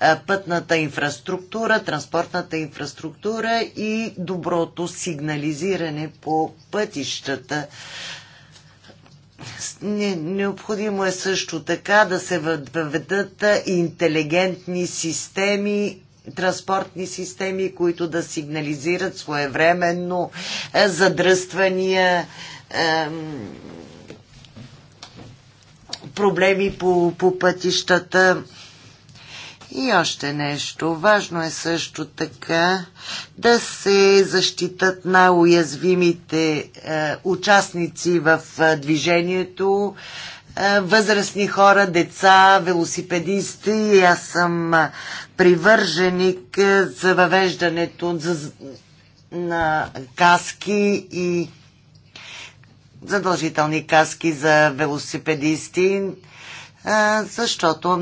е, пътната инфраструктура, транспортната инфраструктура и доброто сигнализиране по пътищата Необходимо е също така да се въведат интелигентни системи, транспортни системи, които да сигнализират своевременно задръствания, проблеми по, по пътищата. И още нещо. Важно е също така да се защитат най-уязвимите е, участници в е, движението, е, възрастни хора, деца, велосипедисти. Аз съм привърженик е, за въвеждането за, на каски и задължителни каски за велосипедисти, е, защото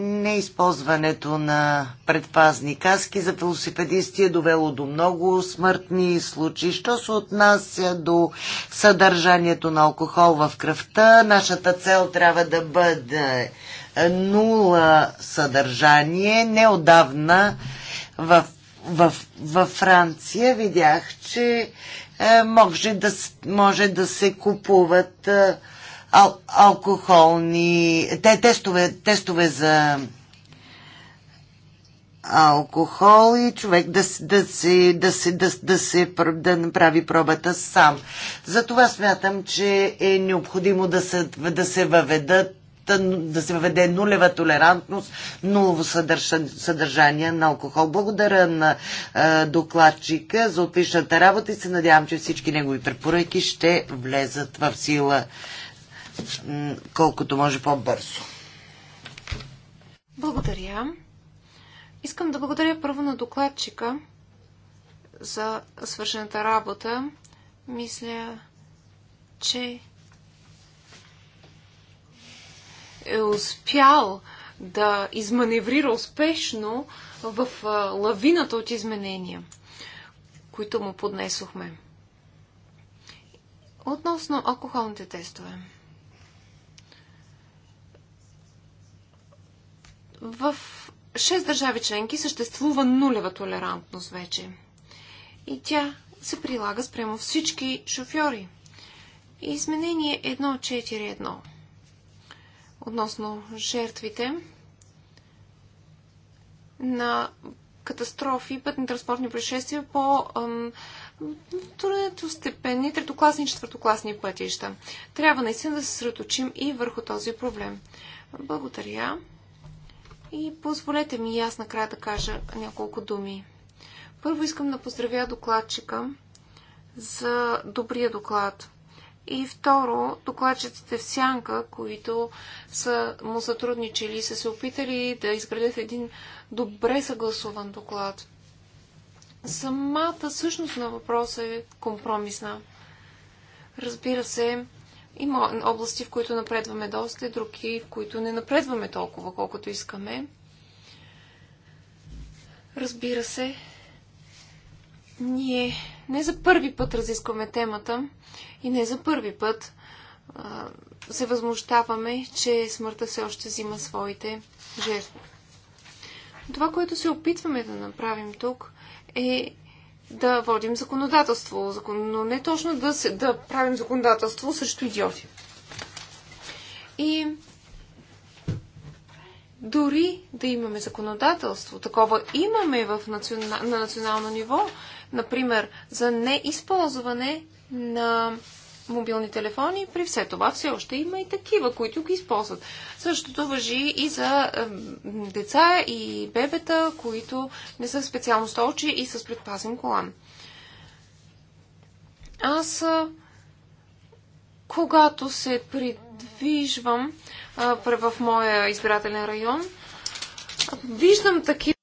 Неизползването на предпазни каски за велосипедисти е довело до много смъртни случаи. Що се отнася до съдържанието на алкохол в кръвта, нашата цел трябва да бъде нула съдържание. Неодавна в, в, в Франция видях, че е, може, да, може да се купуват е, ал- алкохолни, те, тестове, тестове за алкохол и човек да, да, си, да, си, да, да, си, да направи пробата сам. Затова смятам, че е необходимо да се, да се въведат да се въведе нулева толерантност, нулово съдържание на алкохол. Благодаря на е, докладчика за отличната работа и се надявам, че всички негови препоръки ще влезат в сила колкото може по-бързо. Благодаря. Искам да благодаря първо на докладчика за свършената работа. Мисля, че е успял да изманеврира успешно в лавината от изменения, които му поднесохме. Относно алкохолните тестове. В 6 държави членки съществува нулева толерантност вече. И тя се прилага спрямо всички шофьори. И изменение 1.4.1 относно жертвите на катастрофи, пътни транспортни происшествия по трудното степени, третокласни и четвъртокласни пътища. Трябва наистина да се средоточим и върху този проблем. Благодаря. И позволете ми и аз накрая да кажа няколко думи. Първо искам да поздравя докладчика за добрия доклад. И второ, докладчиците в сянка, които са му сътрудничили, са се опитали да изградят един добре съгласуван доклад. Самата същност на въпроса е компромисна. Разбира се, има области, в които напредваме доста и други, в които не напредваме толкова, колкото искаме. Разбира се, ние не за първи път разискваме темата и не за първи път а, се възмущаваме, че смъртта все още взима своите жертви. Това, което се опитваме да направим тук, е да водим законодателство, но не точно да, се, да правим законодателство срещу идиоти. И дори да имаме законодателство, такова имаме в национа, на национално ниво, например, за неизползване на мобилни телефони. При все това все още има и такива, които ги използват. Същото въжи и за деца и бебета, които не са специално столчи и с предпазен колан. Аз, когато се придвижвам е, в моя избирателен район, виждам такива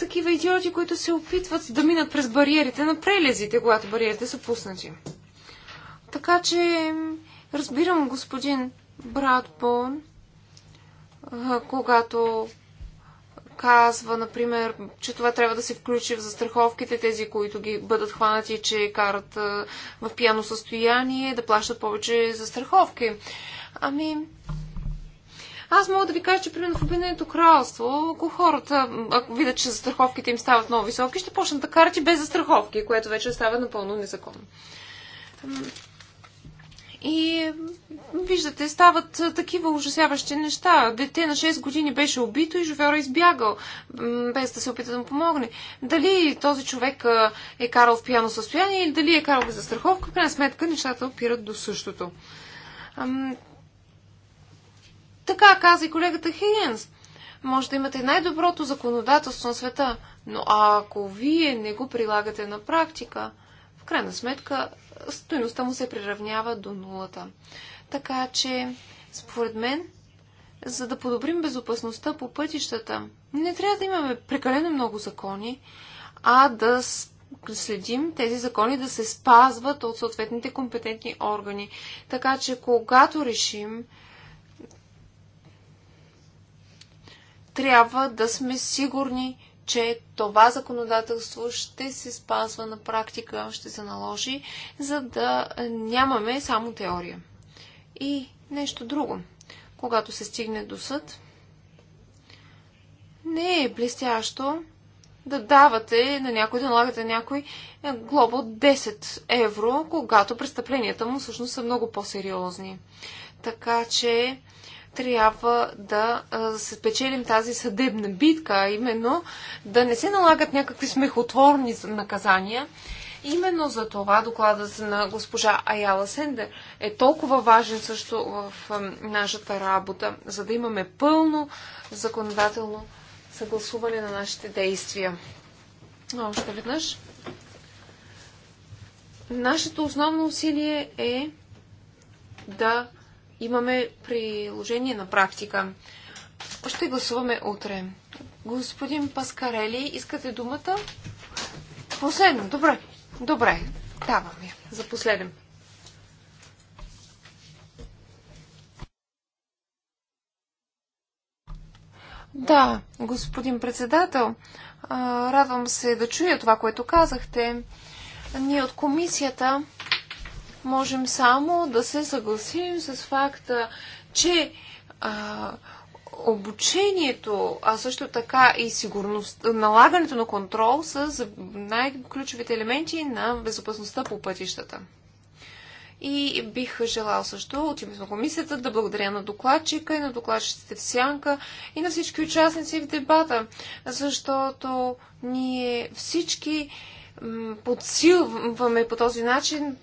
такива идиоти, които се опитват да минат през бариерите на прелезите, когато бариерите са пуснати. Така че разбирам господин Братбон, когато казва, например, че това трябва да се включи в застраховките, тези, които ги бъдат хванати, че карат в пияно състояние, да плащат повече застраховки. Ами, аз мога да ви кажа, че примерно в Обединеното кралство, ако хората, ако видят, че застраховките им стават много високи, ще почнат да карат и без застраховки, което вече става напълно незаконно. И виждате, стават такива ужасяващи неща. Дете на 6 години беше убито и жовера избягал, без да се опита да му помогне. Дали този човек е карал в пияно състояние или дали е карал без застраховка, в крайна сметка нещата опират до същото. Така каза и колегата Хигенс. Може да имате най-доброто законодателство на света, но ако вие не го прилагате на практика, в крайна сметка стоеността му се приравнява до нулата. Така че, според мен, за да подобрим безопасността по пътищата, не трябва да имаме прекалено много закони, а да следим тези закони да се спазват от съответните компетентни органи. Така че, когато решим, трябва да сме сигурни, че това законодателство ще се спазва на практика, ще се наложи, за да нямаме само теория. И нещо друго. Когато се стигне до съд, не е блестящо да давате на някой, да налагате някой е, глоба от 10 евро, когато престъпленията му всъщност са много по-сериозни. Така че трябва да се печелим тази съдебна битка, именно да не се налагат някакви смехотворни наказания. Именно за това докладът на госпожа Аяла Сендер е толкова важен също в нашата работа, за да имаме пълно законодателно съгласуване на нашите действия. Още веднъж. Нашето основно усилие е да имаме приложение на практика. Ще гласуваме утре. Господин Паскарели, искате думата? Последно, добре. Добре, давам я за последен. Да, господин председател, радвам се да чуя това, което казахте. Ние от комисията можем само да се съгласим с факта, че а, обучението, а също така и сигурност, налагането на контрол са най-ключовите елементи на безопасността по пътищата. И бих желал също от името на комисията да благодаря на докладчика и на докладчиците в Сянка и на всички участници в дебата, защото ние всички подсилваме по този начин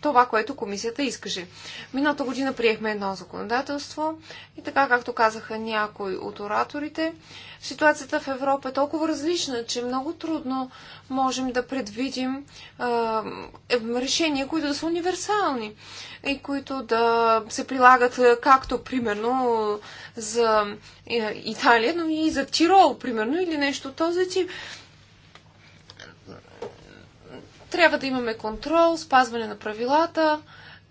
това, което комисията искаше. Миналата година приехме едно законодателство и така, както казаха някои от ораторите, ситуацията в Европа е толкова различна, че много трудно можем да предвидим решения, които да са универсални и които да се прилагат както, примерно, за Италия, но и за Тирол, примерно, или нещо този тип. Трябва да имаме контрол, спазване на правилата,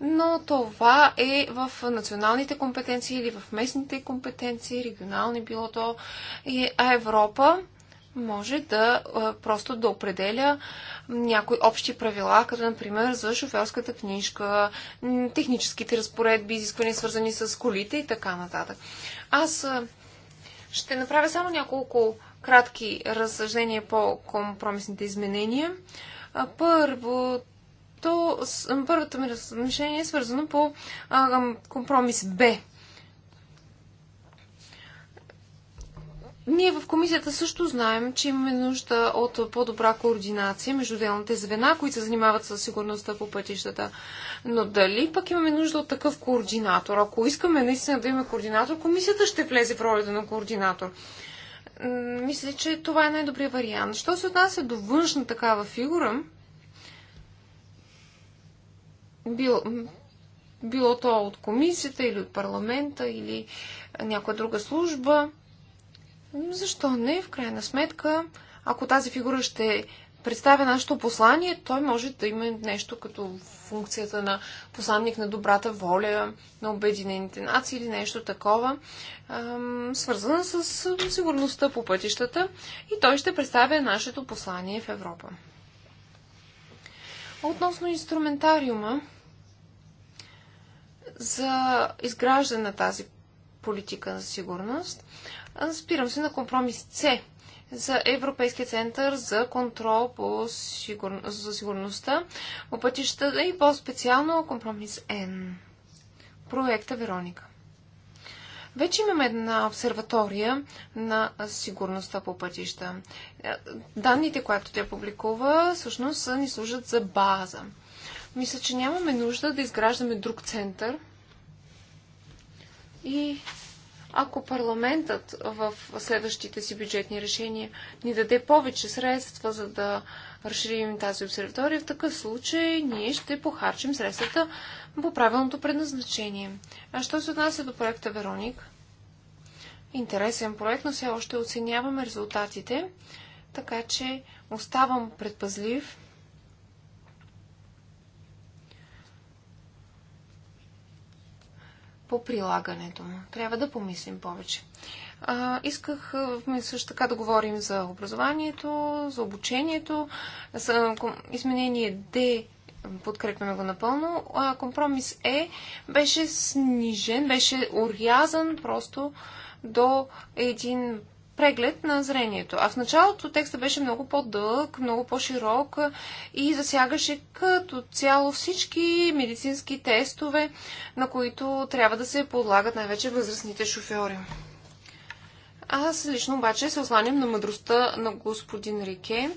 но това е в националните компетенции или в местните компетенции, регионални било то, а Европа може да просто да определя някои общи правила, като например за шофьорската книжка, техническите разпоредби, изисквания свързани с колите и така нататък. Аз ще направя само няколко кратки разсъждения по компромисните изменения. А първо, то, първото ми размишление е свързано по а, компромис Б. Ние в комисията също знаем, че имаме нужда от по-добра координация между делните звена, които се занимават с сигурността по пътищата. Но дали пък имаме нужда от такъв координатор? Ако искаме наистина да имаме координатор, комисията ще влезе в ролята на координатор мисля, че това е най-добрият вариант. Що се отнася до външна такава фигура, бил, било то от комисията или от парламента или някоя друга служба, защо не? В крайна сметка, ако тази фигура ще представя нашето послание, той може да има нещо като функцията на посланник на добрата воля на Обединените нации или нещо такова, свързано с сигурността по пътищата и той ще представя нашето послание в Европа. Относно инструментариума за изграждане на тази политика на сигурност, спирам се на компромис С за Европейския център за контрол по сигур... за сигурността по пътищата и по-специално компромис Н. Проекта Вероника. Вече имаме една обсерватория на сигурността по пътища. Е, данните, които тя публикува, всъщност ни служат за база. Мисля, че нямаме нужда да изграждаме друг център. И ако парламентът в следващите си бюджетни решения ни даде повече средства, за да разширим тази обсерватория, в такъв случай ние ще похарчим средствата по правилното предназначение. А що се отнася до проекта Вероник? Интересен проект, но все още оценяваме резултатите, така че оставам предпазлив по прилагането му. Трябва да помислим повече. А, исках също така да говорим за образованието, за обучението, за изменение Д подкрепяме го напълно. А, компромис Е беше снижен, беше урязан просто до един преглед на зрението. А в началото текста беше много по-дълъг, много по-широк и засягаше като цяло всички медицински тестове, на които трябва да се подлагат най-вече възрастните шофьори. Аз лично обаче се осланям на мъдростта на господин Рике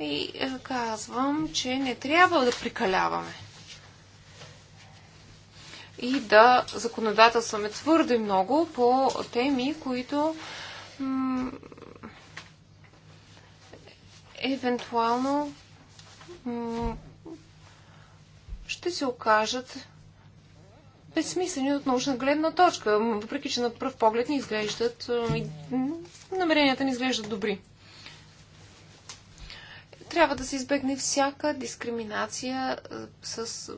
и е, казвам, че не трябва да прикаляваме и да законодателстваме твърде много по теми, които евентуално ще се окажат безсмислени от научна гледна точка, въпреки че на пръв поглед ни изглеждат, намеренията ни изглеждат добри. Трябва да се избегне всяка дискриминация с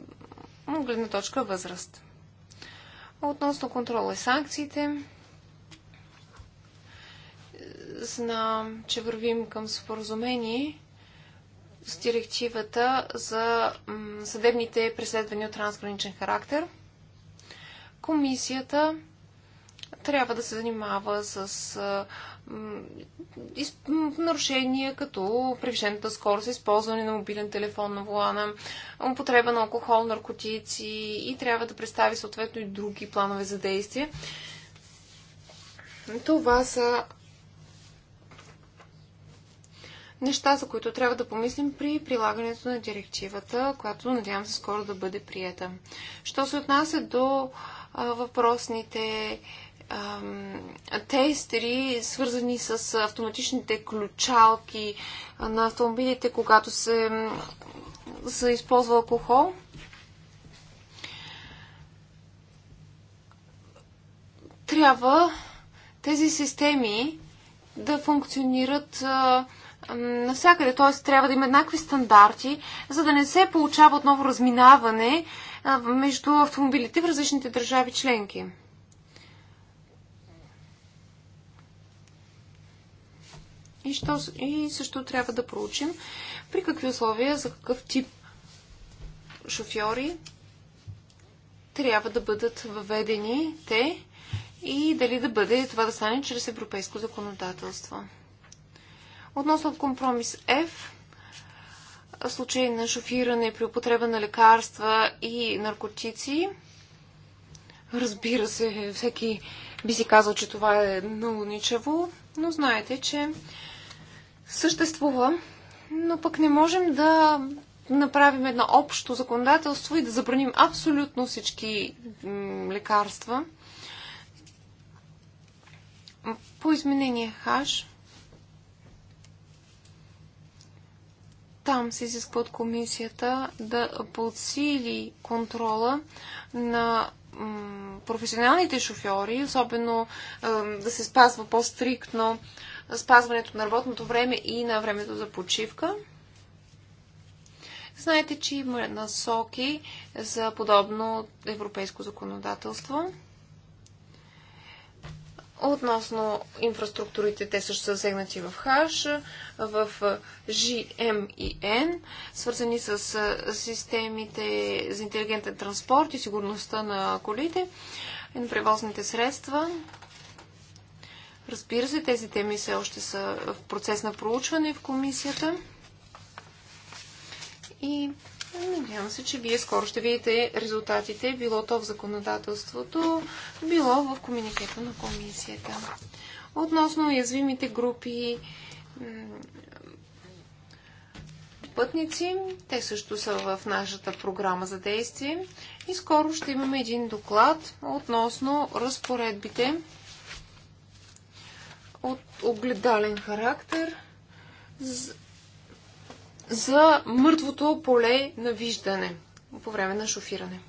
гледна точка възраст. Относно контрола и санкциите, знам, че вървим към споразумение с директивата за съдебните преследвания от трансграничен характер. Комисията трябва да се занимава с нарушения като превишената скорост, използване на мобилен телефон на волана, употреба на алкохол, наркотици и трябва да представи съответно и други планове за действие. Това са неща, за които трябва да помислим при прилагането на директивата, която надявам се скоро да бъде приета. Що се отнася до а, въпросните тестери, свързани с автоматичните ключалки на автомобилите, когато се, се използва алкохол, трябва тези системи да функционират а, навсякъде. Т.е. трябва да има еднакви стандарти, за да не се получава отново разминаване между автомобилите в различните държави членки. И, що, и също трябва да проучим при какви условия, за какъв тип шофьори трябва да бъдат въведени те и дали да бъде това да стане чрез европейско законодателство. Относно компромис F, случай на шофиране при употреба на лекарства и наркотици. Разбира се, всеки би си казал, че това е налуничево, но знаете, че съществува, но пък не можем да направим едно общо законодателство и да забраним абсолютно всички лекарства. По изменение ХАШ Там се изисква от комисията да подсили контрола на професионалните шофьори, особено да се спазва по-стриктно спазването на работното време и на времето за почивка. Знаете, че има насоки за подобно европейско законодателство. Относно инфраструктурите, те също са засегнати в ХАШ, в GM и N, свързани с системите за интелигентен транспорт и сигурността на колите, на превозните средства. Разбира се, тези теми все още са в процес на проучване в комисията. И Надявам се, че вие скоро ще видите резултатите, било то в законодателството, било в комуникета на комисията. Относно уязвимите групи пътници, те също са в нашата програма за действие и скоро ще имаме един доклад относно разпоредбите от огледален характер за мъртвото поле на виждане по време на шофиране.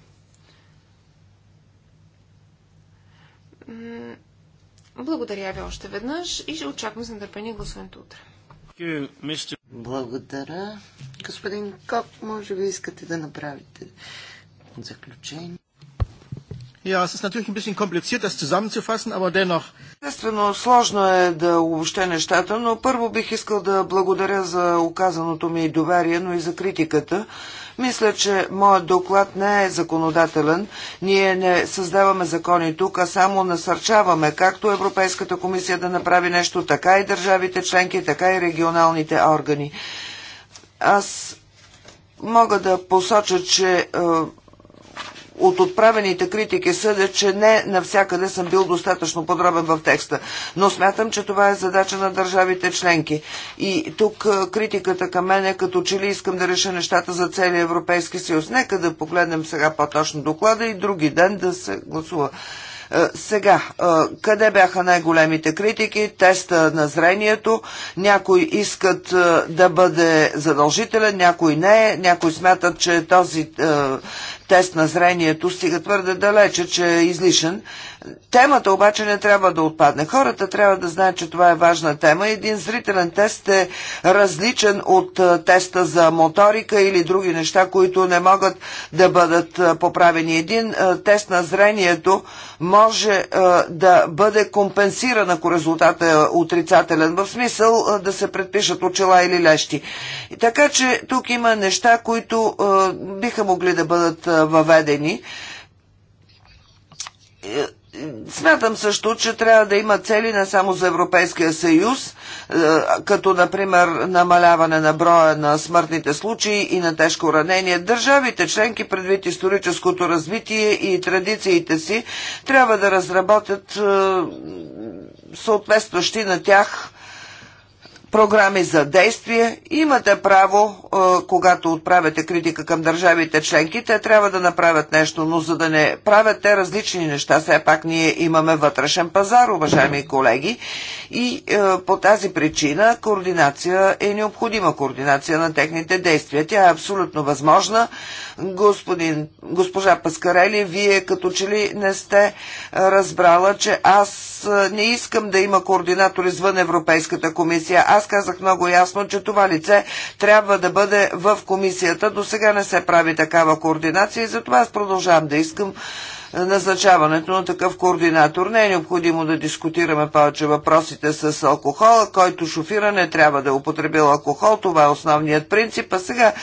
Благодаря ви още веднъж и ще очаквам с нетърпение гласуването утре. Благодаря. Господин Кок, може би искате да направите заключение. Ja, es ist natürlich ein bisschen kompliziert, das zusammenzufassen, aber dennoch. Естествено, сложно е да обобща нещата, но първо бих искал да благодаря за оказаното ми доверие, но и за критиката. Мисля, че моят доклад не е законодателен. Ние не създаваме закони тук, а само насърчаваме както Европейската комисия да направи нещо, така и държавите членки, така и регионалните органи. Аз мога да посоча, че е, от отправените критики съдя, че не навсякъде съм бил достатъчно подробен в текста, но смятам, че това е задача на държавите членки. И тук е, критиката към мен е като че ли искам да реша нещата за целия Европейски съюз. Нека да погледнем сега по-точно доклада и други ден да се гласува. Е, сега, е, къде бяха най-големите критики? Теста на зрението. Някои искат е, да бъде задължителен, някои не. Някои смятат, че този тест на зрението стига твърде далече, че е излишен. Темата обаче не трябва да отпадне. Хората трябва да знаят, че това е важна тема. Един зрителен тест е различен от теста за моторика или други неща, които не могат да бъдат поправени. Един тест на зрението може да бъде компенсиран, ако резултатът е отрицателен, в смисъл да се предпишат очела или лещи. Така че тук има неща, които биха могли да бъдат въведени Смятам също, че трябва да има цели не само за Европейския съюз, е, като например намаляване на броя на смъртните случаи и на тежко ранение. Държавите членки предвид историческото развитие и традициите си трябва да разработят е, съответстващи на тях програми за действие. Имате право, е, когато отправяте критика към държавите членки, те трябва да направят нещо, но за да не правят те различни неща, все пак ние имаме вътрешен пазар, уважаеми колеги, и е, по тази причина координация е необходима, координация на техните действия. Тя е абсолютно възможна господин, госпожа Паскарели, вие като че ли не сте е, разбрала, че аз е, не искам да има координатор извън Европейската комисия. Аз казах много ясно, че това лице трябва да бъде в комисията. До сега не се прави такава координация и затова аз продължавам да искам назначаването на такъв координатор. Не е необходимо да дискутираме повече въпросите с алкохола, който шофира не трябва да е употребил алкохол. Това е основният принцип. А сега е,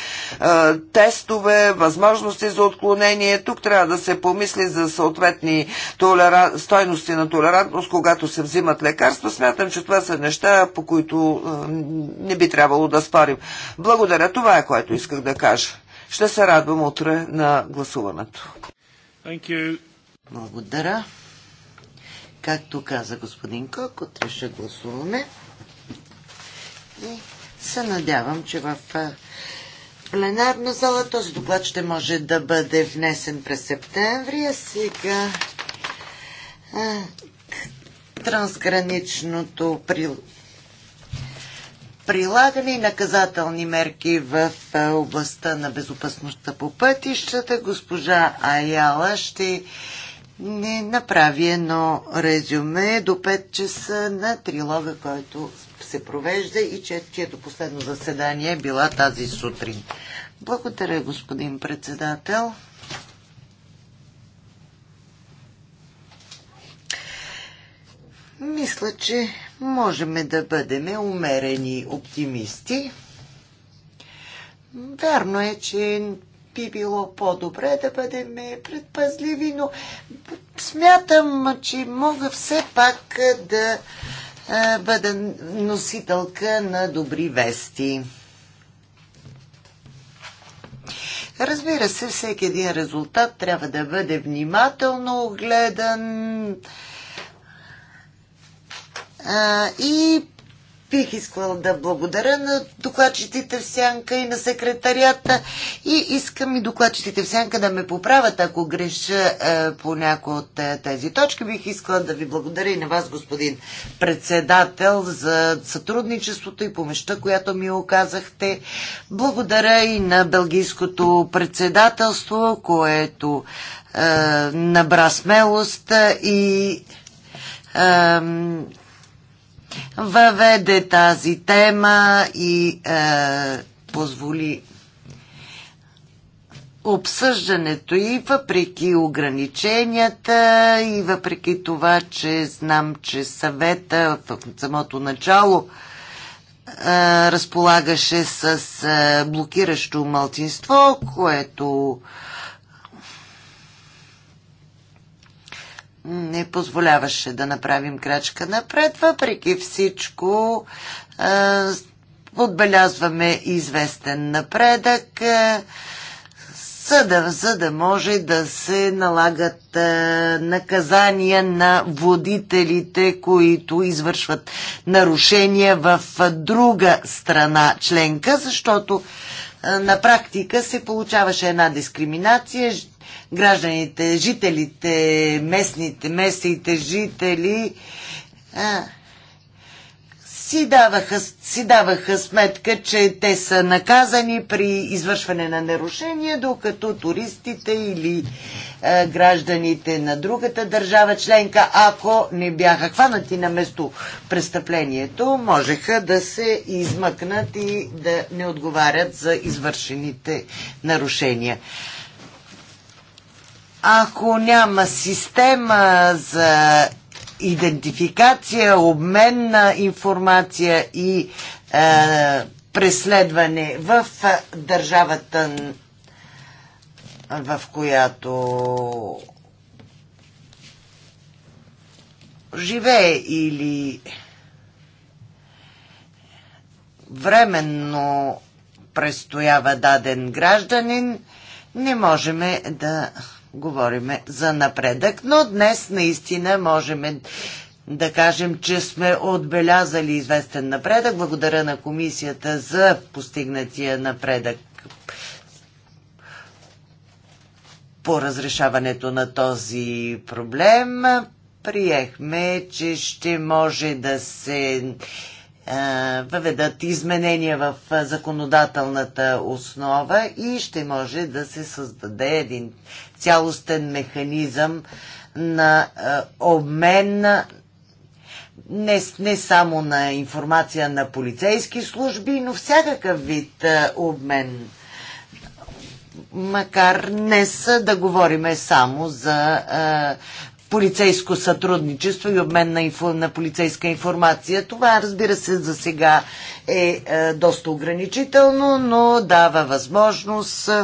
тестове, възможности за отклонение. Тук трябва да се помисли за съответни толера... стойности на толерантност, когато се взимат лекарства. Смятам, че това са неща, по които е, не би трябвало да спорим. Благодаря. Това е което исках да кажа. Ще се радвам утре на гласуването. Thank you. Благодаря. Както каза господин Кок, утре ще гласуваме. И се надявам, че в пленарна зала този доклад ще може да бъде внесен през септември, а сега трансграничното прилагане и наказателни мерки в е, областта на безопасността по пътищата. Госпожа Аяла ще не направи едно резюме до 5 часа на трилога, който се провежда и че, чието последно заседание е била тази сутрин. Благодаря, господин председател. Мисля, че можем да бъдем умерени оптимисти. Вярно е, че би било по-добре да бъдем предпазливи, но смятам, че мога все пак да бъда носителка на добри вести. Разбира се, всеки един резултат трябва да бъде внимателно огледан и бих искала да благодаря на докладчиците в Сянка и на секретарията и искам и докладчиците в Сянка да ме поправят, ако греша по някои от тези точки. Бих искала да ви благодаря и на вас, господин председател, за сътрудничеството и помеща, която ми оказахте. Благодаря и на Белгийското председателство, което е, набра смелост и е, въведе тази тема и е, позволи обсъждането и въпреки ограниченията и въпреки това, че знам, че съвета в самото начало е, разполагаше с е, блокиращо мълцинство, което не позволяваше да направим крачка напред. Въпреки всичко, отбелязваме известен напредък, е, за, да, за да може да се налагат наказания на водителите, които извършват нарушения в друга страна членка, защото на практика се получаваше една дискриминация гражданите, жителите, местните, местните жители а, си, даваха, си даваха сметка, че те са наказани при извършване на нарушения, докато туристите или а, гражданите на другата държава членка, ако не бяха хванати на место престъплението, можеха да се измъкнат и да не отговарят за извършените нарушения. Ако няма система за идентификация, обмен на информация и е, преследване в е, държавата, в която живее или временно престоява даден гражданин, не можем да говориме за напредък, но днес наистина можем да кажем, че сме отбелязали известен напредък. Благодаря на комисията за постигнатия напредък по разрешаването на този проблем. Приехме, че ще може да се въведат изменения в законодателната основа и ще може да се създаде един цялостен механизъм на е, обмен не, не само на информация на полицейски служби, но всякакъв вид е, обмен. Макар днес да говориме само за е, полицейско сътрудничество и обмен на, инфо, на полицейска информация. Това, разбира се, за сега е, е доста ограничително, но дава възможност е,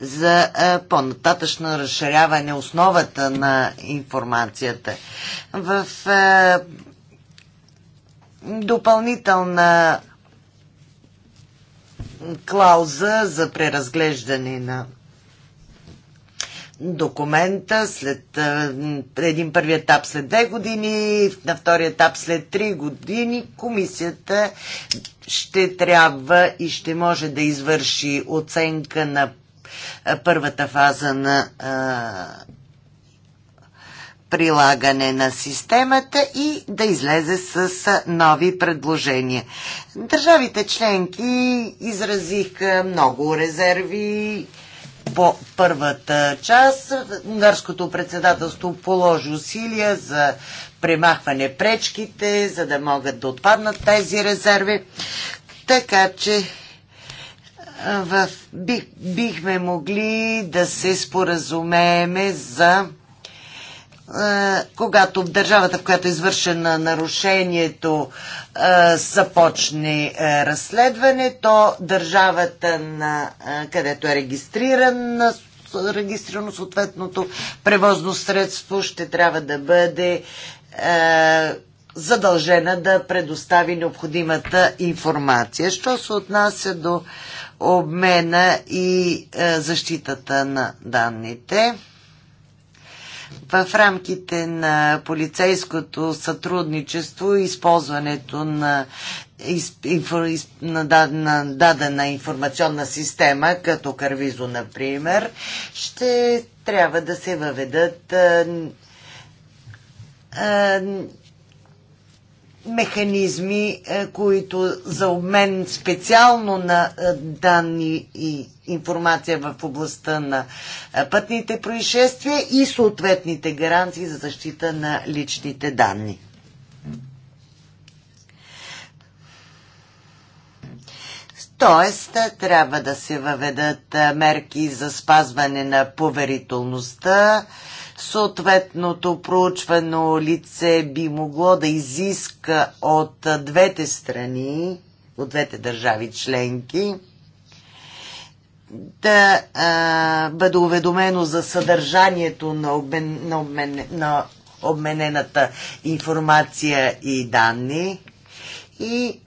за по-нататъчно разширяване основата на информацията. В допълнителна клауза за преразглеждане на документа след един първи етап след две години, на втори етап след три години, комисията ще трябва и ще може да извърши оценка на първата фаза на прилагане на системата и да излезе с нови предложения. Държавите членки изразиха много резерви по първата част. Унгарското председателство положи усилия за премахване пречките, за да могат да отпаднат тези резерви. Така че в, бих, бихме могли да се споразумееме за е, когато в държавата, в която е извършено нарушението, е, започне е, разследване, то държавата, на, където е регистрирано, регистрирано съответното превозно средство, ще трябва да бъде задължена да предостави необходимата информация. Що се отнася до обмена и е, защитата на данните. В рамките на полицейското сътрудничество и използването на, на дадена информационна система, като Карвизо, например, ще трябва да се въведат е, е, механизми, е, които за обмен специално на е, данни и информация в областта на е, пътните происшествия и съответните гаранции за защита на личните данни. Тоест, трябва да се въведат мерки за спазване на поверителността, съответното проучвано лице би могло да изиска от двете страни, от двете държави членки, да а, бъде уведомено за съдържанието на, обмен, на, обмен, на обменената информация и данни и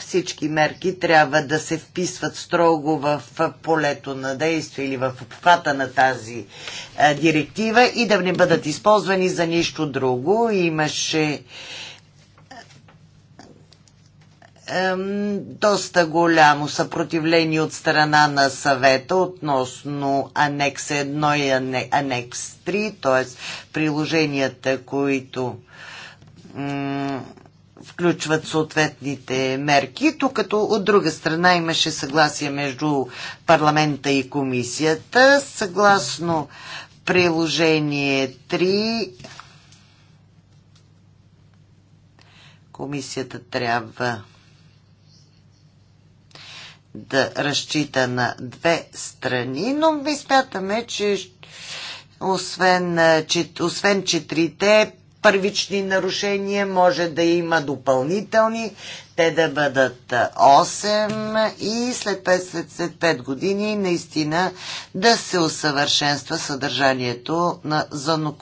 всички мерки трябва да се вписват строго в полето на действие или в обхвата на тази директива и да не бъдат използвани за нищо друго. Имаше доста голямо съпротивление от страна на съвета относно анекс 1 и анекс 3, т.е. приложенията, които включват съответните мерки, тук като от друга страна имаше съгласие между парламента и комисията, съгласно приложение 3 комисията трябва да разчита на две страни, но ми смятаме, че освен, че, освен четирите първични нарушения, може да има допълнителни, те да бъдат 8 и след 5, години наистина да се усъвършенства съдържанието на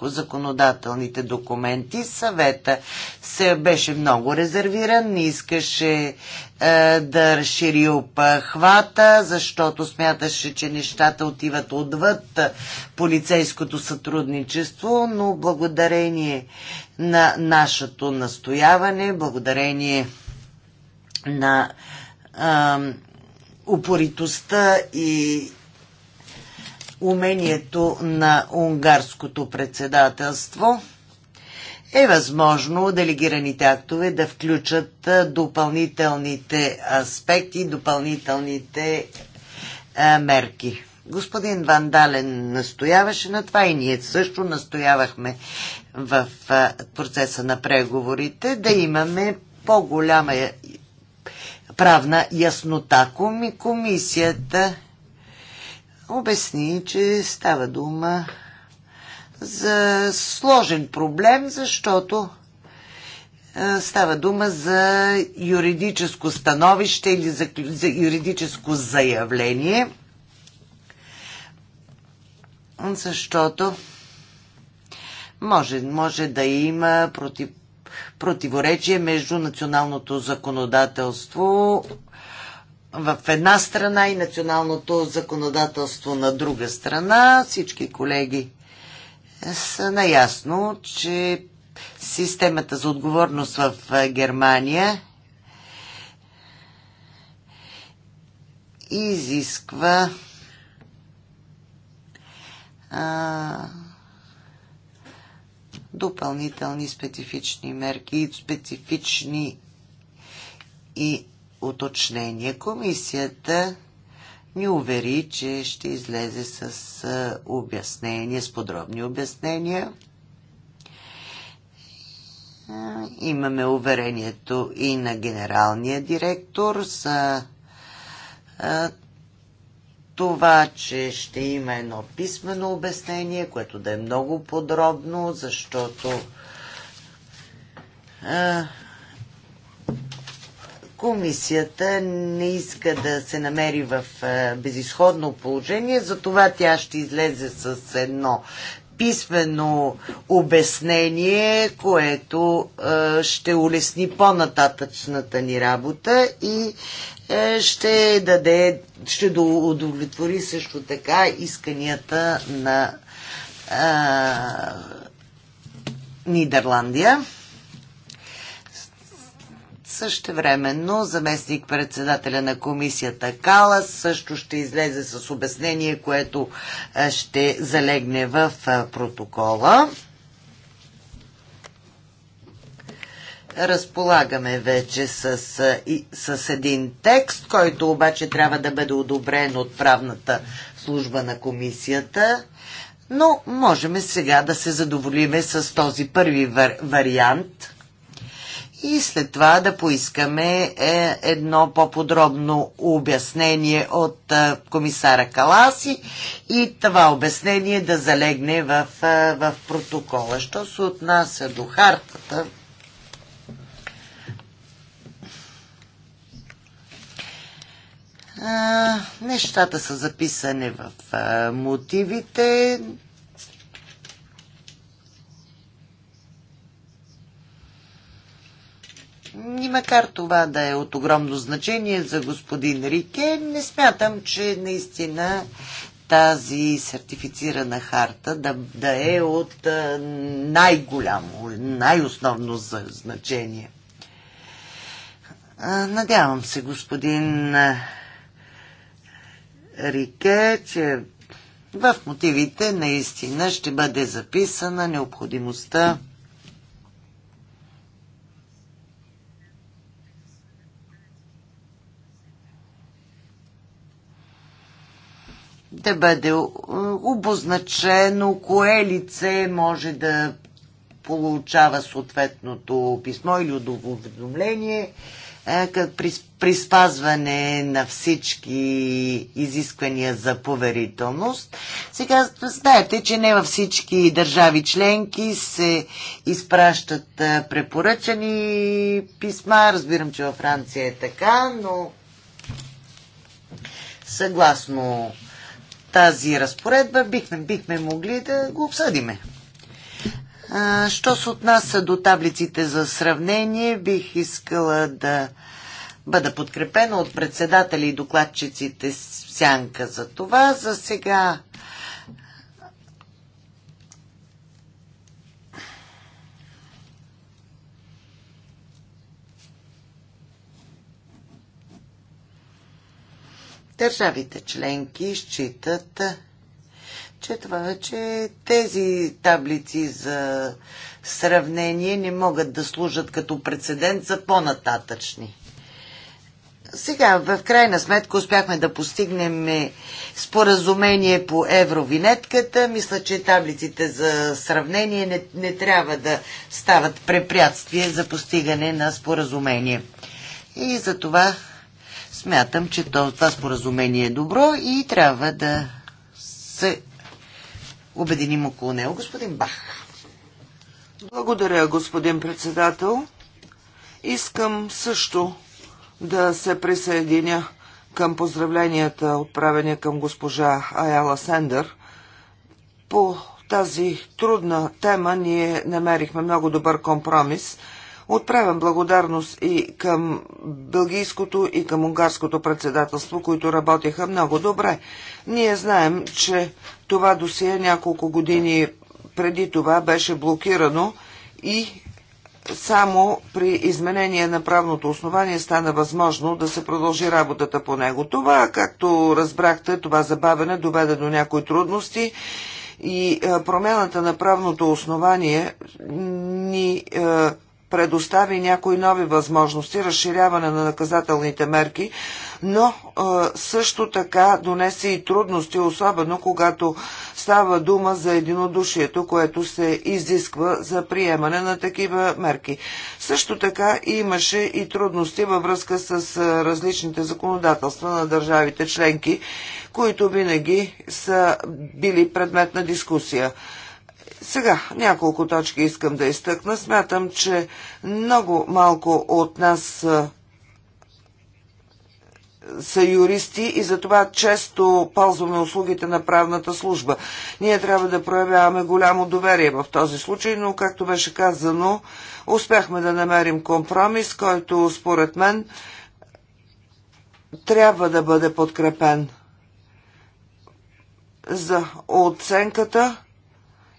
законодателните документи. Съвета се беше много резервиран, не искаше е, да разшири обхвата, защото смяташе, че нещата отиват отвъд полицейското сътрудничество, но благодарение на нашето настояване, благодарение на а, е, упоритостта и умението на унгарското председателство – е възможно делегираните актове да включат допълнителните аспекти, допълнителните мерки. Господин Вандален настояваше на това и ние също настоявахме в процеса на преговорите да имаме по-голяма правна яснота. Комисията обясни, че става дума за сложен проблем, защото става дума за юридическо становище или за, за юридическо заявление, защото може, може да има против, противоречие между националното законодателство в една страна и националното законодателство на друга страна. Всички колеги са наясно, че системата за отговорност в Германия изисква а, допълнителни специфични мерки, специфични и уточнения. Комисията ни увери, че ще излезе с обяснения, с подробни обяснения. Имаме уверението и на генералния директор за това, че ще има едно писмено обяснение, което да е много подробно, защото Комисията не иска да се намери в е, безисходно положение, затова тя ще излезе с едно писмено обяснение, което е, ще улесни по-нататъчната ни работа и е, ще даде, ще удовлетвори също така исканията на а, Нидерландия. Същевременно заместник председателя на комисията Кала също ще излезе с обяснение, което е, ще залегне в е, протокола. разполагаме вече с, е, с един текст, който обаче трябва да бъде одобрен от правната служба на комисията. Но можем сега да се задоволиме с този първи вариант и след това да поискаме е, едно по-подробно обяснение от е, комисара Каласи и това обяснение да залегне в, е, в протокола. Що се отнася до хартата, нещата са записани в мотивите. И макар това да е от огромно значение за господин Рике, не смятам, че наистина тази сертифицирана харта да, да е от най-голямо, най-основно значение. Надявам се, господин Рике, че в мотивите наистина ще бъде записана необходимостта ще бъде е, обозначено кое лице може да получава съответното писмо или уведомление е, при, при спазване на всички изисквания за поверителност. Сега знаете, че не във всички държави членки се изпращат е, препоръчани писма. Разбирам, че във Франция е така, но съгласно тази разпоредба, бихме, бихме могли да го обсъдиме. А, що се отнася до таблиците за сравнение, бих искала да бъда подкрепена от председатели и докладчиците сянка за това. За сега Държавите членки считат, че това, че тези таблици за сравнение не могат да служат като прецедент за по-нататъчни. Сега, в крайна сметка, успяхме да постигнем споразумение по евровинетката. Мисля, че таблиците за сравнение не, не трябва да стават препятствие за постигане на споразумение. И за това Смятам, че това споразумение е добро и трябва да се обединим около него. Господин Бах. Благодаря, господин председател. Искам също да се присъединя към поздравленията, отправени към госпожа Аяла Сендър. По тази трудна тема ние намерихме много добър компромис – Отправям благодарност и към бългийското и към унгарското председателство, които работеха много добре. Ние знаем, че това досие няколко години преди това беше блокирано и само при изменение на правното основание стана възможно да се продължи работата по него. Това, както разбрахте, това забавене доведе до някои трудности и промяната на правното основание ни предостави някои нови възможности, разширяване на наказателните мерки, но също така донесе и трудности, особено когато става дума за единодушието, което се изисква за приемане на такива мерки. Също така имаше и трудности във връзка с различните законодателства на държавите членки, които винаги са били предмет на дискусия. Сега няколко точки искам да изтъкна. Смятам, че много малко от нас са юристи и затова често ползваме услугите на правната служба. Ние трябва да проявяваме голямо доверие в този случай, но както беше казано, успяхме да намерим компромис, който според мен трябва да бъде подкрепен за оценката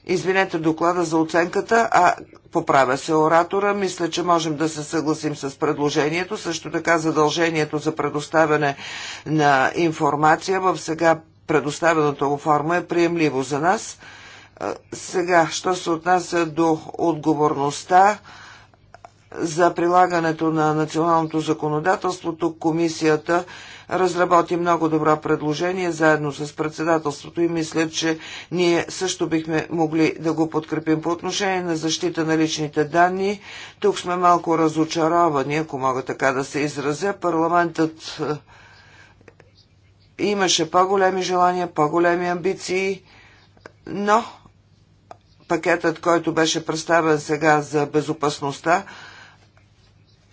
Извинете доклада за оценката, а поправя се оратора. Мисля, че можем да се съгласим с предложението. Също така задължението за предоставяне на информация в сега предоставената форма е приемливо за нас. Сега, що се отнася до отговорността за прилагането на националното законодателство, тук комисията разработи много добро предложение заедно с председателството и мисля, че ние също бихме могли да го подкрепим. По отношение на защита на личните данни, тук сме малко разочаровани, ако мога така да се изразя. Парламентът е, имаше по-големи желания, по-големи амбиции, но пакетът, който беше представен сега за безопасността,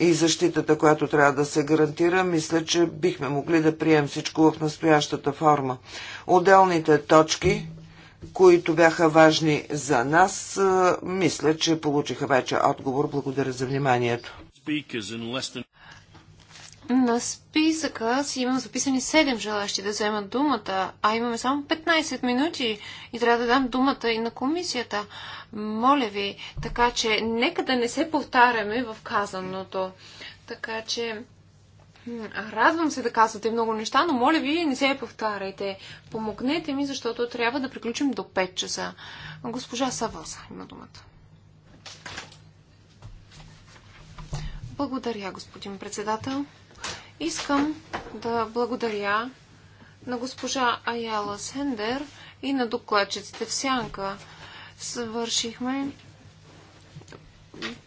и защитата, която трябва да се гарантира, мисля, че бихме могли да прием всичко в настоящата форма. Отделните точки, които бяха важни за нас, мисля, че получиха вече отговор. Благодаря за вниманието. На списъка си имам записани 7 желащи да вземат думата, а имаме само 15 минути и трябва да дам думата и на комисията. Моля ви, така че нека да не се повтаряме в казаното. Така че радвам се да казвате много неща, но моля ви, не се повтаряйте. Помогнете ми, защото трябва да приключим до 5 часа. Госпожа Савълса, има думата. Благодаря, господин председател. Искам да благодаря на госпожа Аяла Сендер и на докладчиците в Сянка. Свършихме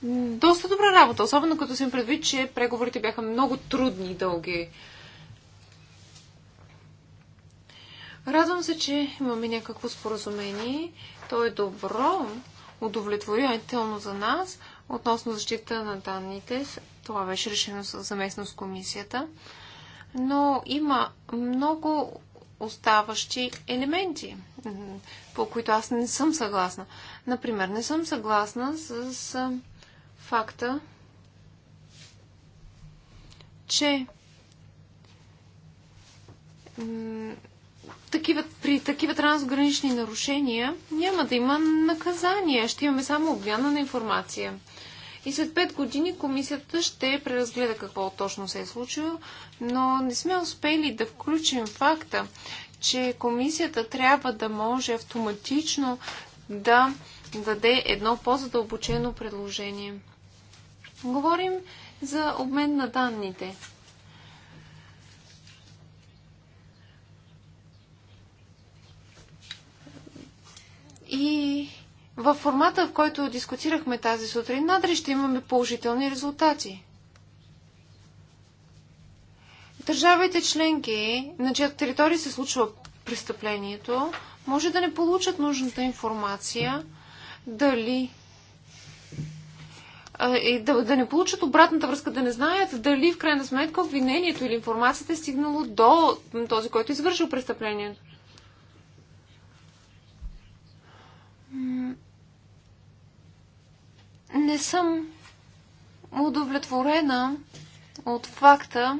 доста добра работа, особено като съм предвид, че преговорите бяха много трудни и дълги. Радвам се, че имаме някакво споразумение. То е добро, удовлетворително за нас, относно защита на данните. Това беше решено съвместно с комисията. Но има много оставащи елементи, по които аз не съм съгласна. Например, не съм съгласна с факта, че такива, при такива трансгранични нарушения няма да има наказание. Ще имаме само обмяна на информация. И след 5 години комисията ще преразгледа какво точно се е случило, но не сме успели да включим факта, че комисията трябва да може автоматично да даде едно по-задълбочено предложение. Говорим за обмен на данните. И в формата, в който дискутирахме тази сутрин, надали ще имаме положителни резултати. Държавите членки, на чиято територия се случва престъплението, може да не получат нужната информация дали и да, да не получат обратната връзка, да не знаят дали в крайна сметка обвинението или информацията е стигнало до този, който е извършил престъплението не съм удовлетворена от факта,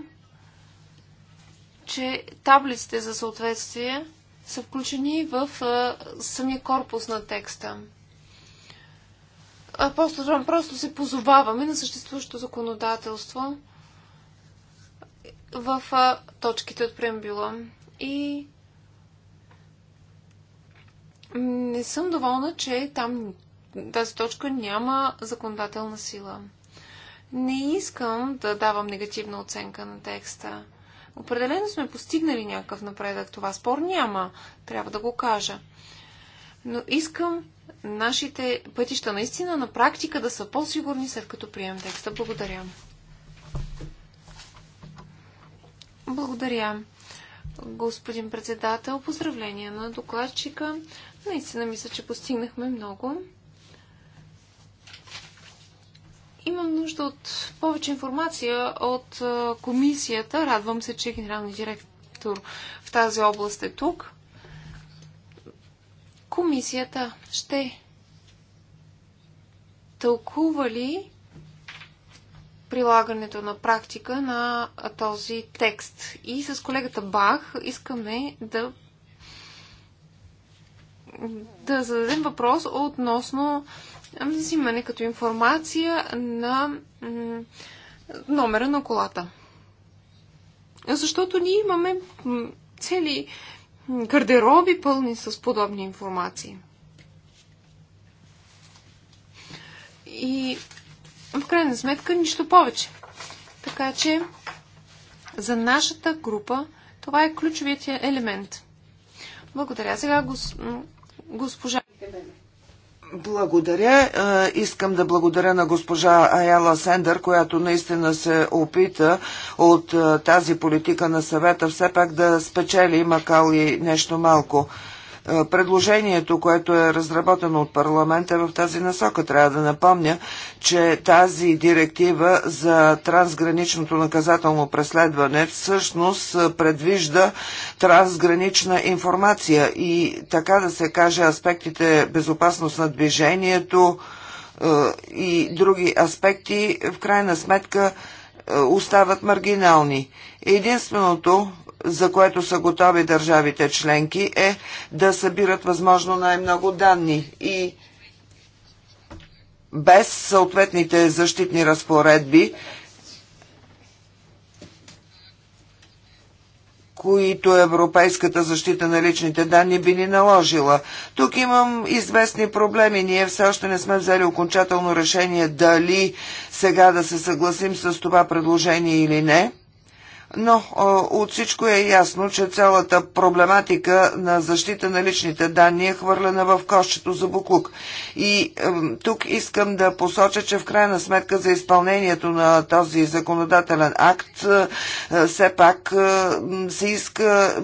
че таблиците за съответствие са включени в а, самия корпус на текста. А просто, просто се позоваваме на съществуващото законодателство в а, точките от преамбюла. И не съм доволна, че там тази точка няма законодателна сила. Не искам да давам негативна оценка на текста. Определено сме постигнали някакъв напредък. Това спор няма. Трябва да го кажа. Но искам нашите пътища наистина на практика да са по-сигурни след като прием текста. Благодаря. Благодаря. Господин председател, поздравления на докладчика. Наистина мисля, че постигнахме много. имам нужда от повече информация от комисията. Радвам се, че генералният директор в тази област е тук. Комисията ще тълкува ли прилагането на практика на този текст. И с колегата Бах искаме да да зададем въпрос относно взимане като информация на номера на колата. Защото ние имаме цели гардероби пълни с подобни информации. И в крайна сметка нищо повече. Така че за нашата група това е ключовият е- елемент. Благодаря. Сега Госпожа благодаря. Искам да благодаря на госпожа Аяла Сендър, която наистина се опита от тази политика на съвета все пак да спечели, Макал и нещо малко. Е, предложението, което е разработено от парламента е в тази насока, трябва да напомня, че тази директива за трансграничното наказателно преследване всъщност е, предвижда трансгранична информация и така да се каже аспектите безопасност на движението и други аспекти в крайна сметка остават маргинални. Единственото, за което са готови държавите членки, е да събират възможно най-много данни и без съответните защитни разпоредби, които Европейската защита на личните данни би ни наложила. Тук имам известни проблеми. Ние все още не сме взели окончателно решение дали сега да се съгласим с това предложение или не. Но от всичко е ясно, че цялата проблематика на защита на личните данни е хвърлена в кошчето за буклук. И тук искам да посоча, че в крайна сметка за изпълнението на този законодателен акт е, е, все пак е, се иска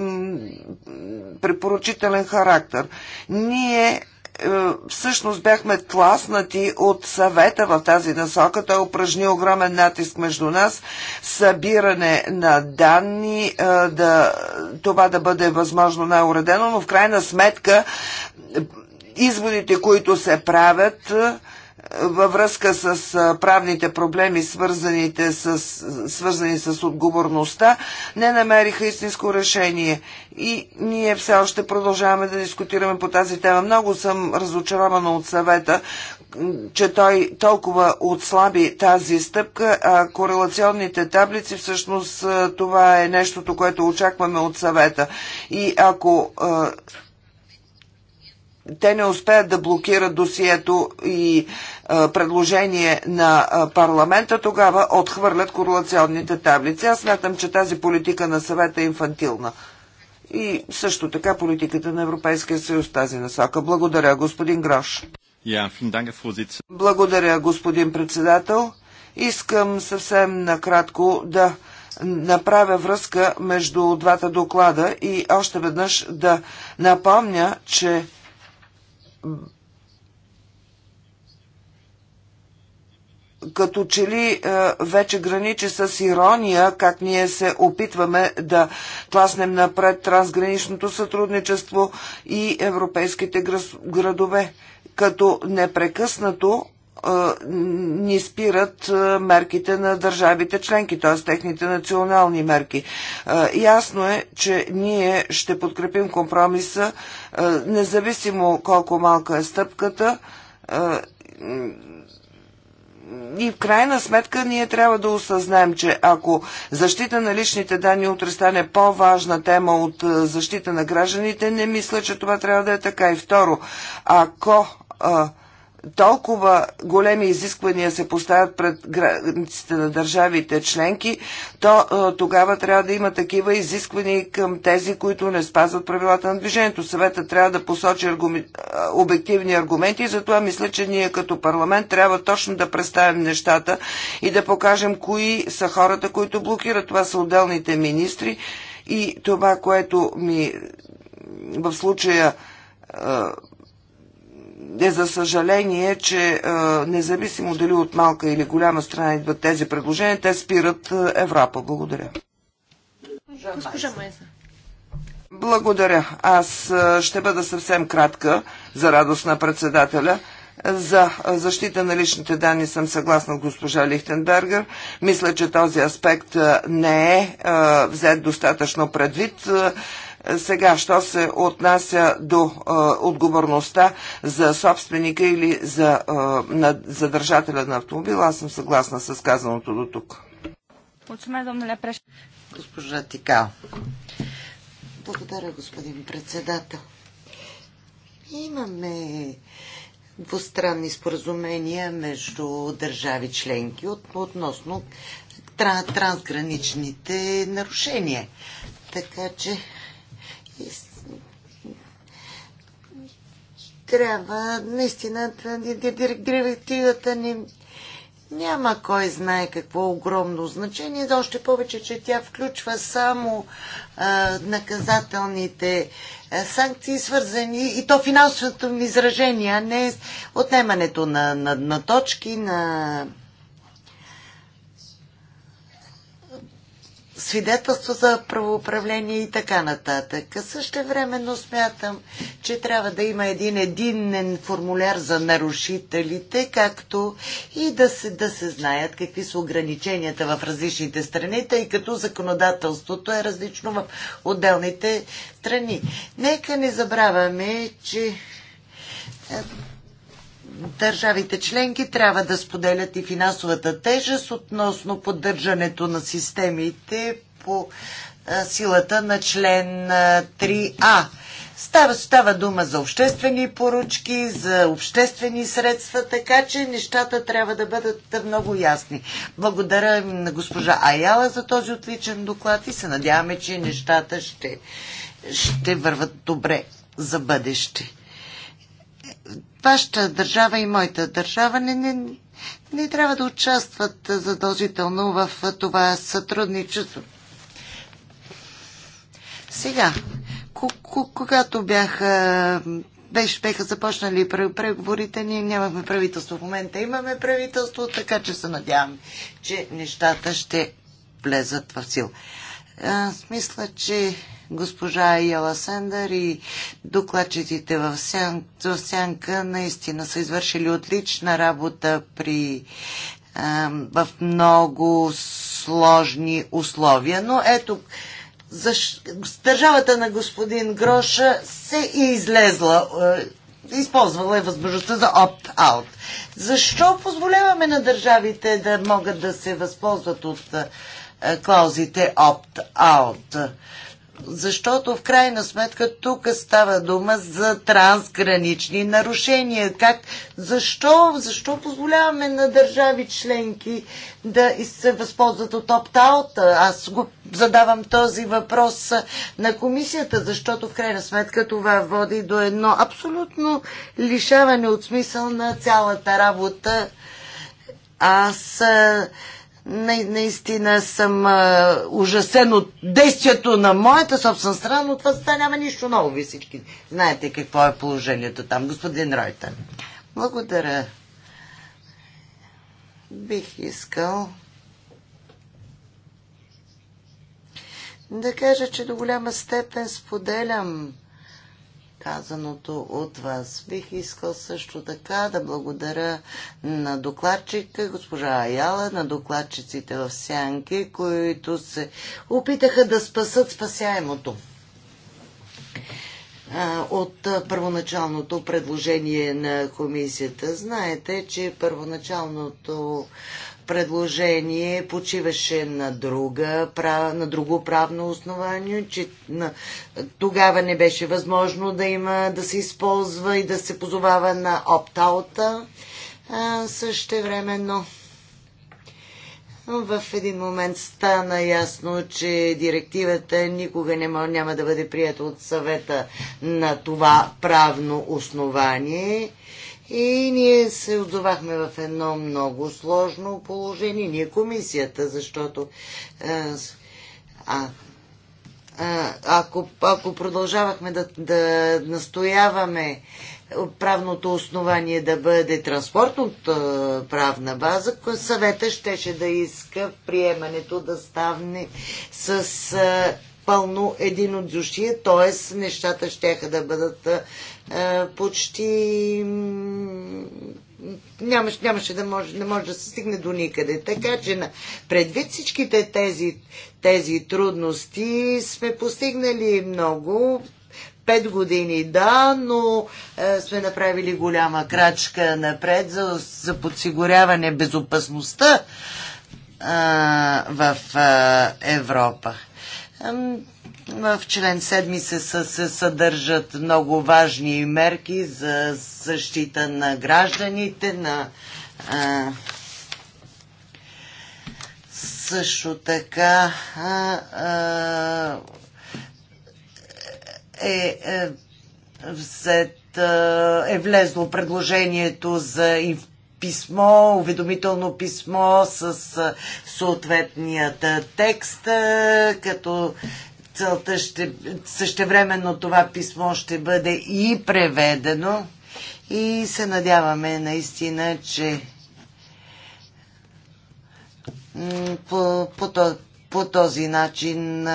препоръчителен характер. Ние е, всъщност бяхме тласнати от съвета в тази насока. Той упражни огромен натиск между нас. Събиране на данни, е, да, това да бъде възможно най-уредено, но в крайна сметка е, изводите, които се правят, във връзка с правните проблеми, свързаните с, свързани с отговорността, не намериха истинско решение. И ние все още продължаваме да дискутираме по тази тема. Много съм разочарована от съвета, че той толкова отслаби тази стъпка, а корелационните таблици всъщност това е нещото, което очакваме от съвета. И ако те не успеят да блокират досието и а, предложение на а, парламента, тогава отхвърлят корелационните таблици. Аз смятам, че тази политика на съвета е инфантилна. И също така политиката на Европейския съюз тази насока. Благодаря, господин Грош. Благодаря, господин председател. Искам съвсем накратко да направя връзка между двата доклада и още веднъж да напомня, че като че ли е, вече граничи с ирония, как ние се опитваме да тласнем напред трансграничното сътрудничество и европейските градове, като непрекъснато ни спират мерките на държавите членки, т.е. техните национални мерки. Ясно е, че ние ще подкрепим компромиса, независимо колко малка е стъпката. И в крайна сметка ние трябва да осъзнаем, че ако защита на личните данни утре стане по-важна тема от защита на гражданите, не мисля, че това трябва да е така. И второ, ако а, толкова големи изисквания се поставят пред границите на държавите членки, то тогава трябва да има такива изисквания към тези, които не спазват правилата на движението. Съвета трябва да посочи обективни аргументи и затова мисля, че ние като парламент трябва точно да представим нещата и да покажем кои са хората, които блокират. Това са отделните министри и това, което ми в случая е за съжаление, че независимо дали от малка или голяма страна идват тези предложения, те спират Европа. Благодаря. Госпожа Благодаря. Аз ще бъда съвсем кратка за радост на председателя. За защита на личните данни съм съгласна с госпожа Лихтенбергер. Мисля, че този аспект не е взет достатъчно предвид. Сега, що се отнася до е, отговорността за собственика или за, е, на, за държателя на автомобила, аз съм съгласна с казаното до тук. Госпожа Тикал. Благодаря, господин председател. Имаме двустранни споразумения между държави членки относно трансграничните нарушения. Така че трябва наистина директивата ни няма кой знае какво огромно значение, да още повече, че тя включва само а, наказателните а, санкции, свързани и то финансовото изражение, а не отнемането на, на, на точки, на свидетелство за правоуправление и така нататък. Също времено смятам, че трябва да има един единен формуляр за нарушителите, както и да се, да се знаят какви са ограниченията в различните страни, тъй като законодателството е различно в отделните страни. Нека не забравяме, че е, държавите членки трябва да споделят и финансовата тежест относно поддържането на системите по силата на член 3А. Става, става дума за обществени поручки, за обществени средства, така че нещата трябва да бъдат много ясни. Благодаря на госпожа Аяла за този отличен доклад и се надяваме, че нещата ще, ще върват добре за бъдеще вашата държава и моята държава не, не, не трябва да участват задължително в това сътрудничество. Сега, когато бяха, беше, беха започнали преговорите, ние нямахме правителство. В момента имаме правителство, така че се надявам, че нещата ще влезат в сил. Аз мисля, че госпожа Яла Сендър и докладчетите в, сян, в Сянка наистина са извършили отлична работа при а, в много сложни условия. Но ето, защ... държавата на господин Гроша се е излезла, е, използвала е възможността за опт-аут. Защо позволяваме на държавите да могат да се възползват от е, клаузите опт-аут? защото в крайна сметка тук става дума за трансгранични нарушения. Как, защо, защо позволяваме на държави членки да се възползват от опт Аз го задавам този въпрос на комисията, защото в крайна сметка това води до едно абсолютно лишаване от смисъл на цялата работа. Аз на, наистина съм а, ужасен от действието на моята собствена страна, но това сега няма нищо ново. Ви всички знаете какво е положението там, господин Ройтер. Благодаря. Бих искал да кажа, че до голяма степен споделям казаното от вас. Бих искал също така да благодаря на докладчика, госпожа Аяла, на докладчиците в Сянки, които се опитаха да спасат спасяемото от първоначалното предложение на комисията. Знаете, че първоначалното предложение почиваше на, друга, на друго правно основание, че на, тогава не беше възможно да има да се използва и да се позовава на опт също Също времено в един момент стана ясно, че директивата никога не мож, няма да бъде прията от съвета на това правно основание и ние се отзовахме в едно много сложно положение, ние комисията, защото а, а, ако, ако продължавахме да, да настояваме правното основание да бъде транспортната правна база, съвета щеше да иска приемането да ставне с пълно един от душия, т.е. нещата ще да бъдат а, почти нямаше, нямаше да може, не може да се стигне до никъде. Така че на, предвид всичките тези, тези трудности сме постигнали много. Пет години, да, но е, сме направили голяма крачка напред за, за подсигуряване безопасността е, в е, Европа. В член 7 се, се, се съдържат много важни мерки за защита на гражданите, на а, също така а, а, е, е взет е влезло предложението за писмо, уведомително писмо с съответният текст, като целта ще, същевременно това писмо ще бъде и преведено и се надяваме наистина, че по, по, по този начин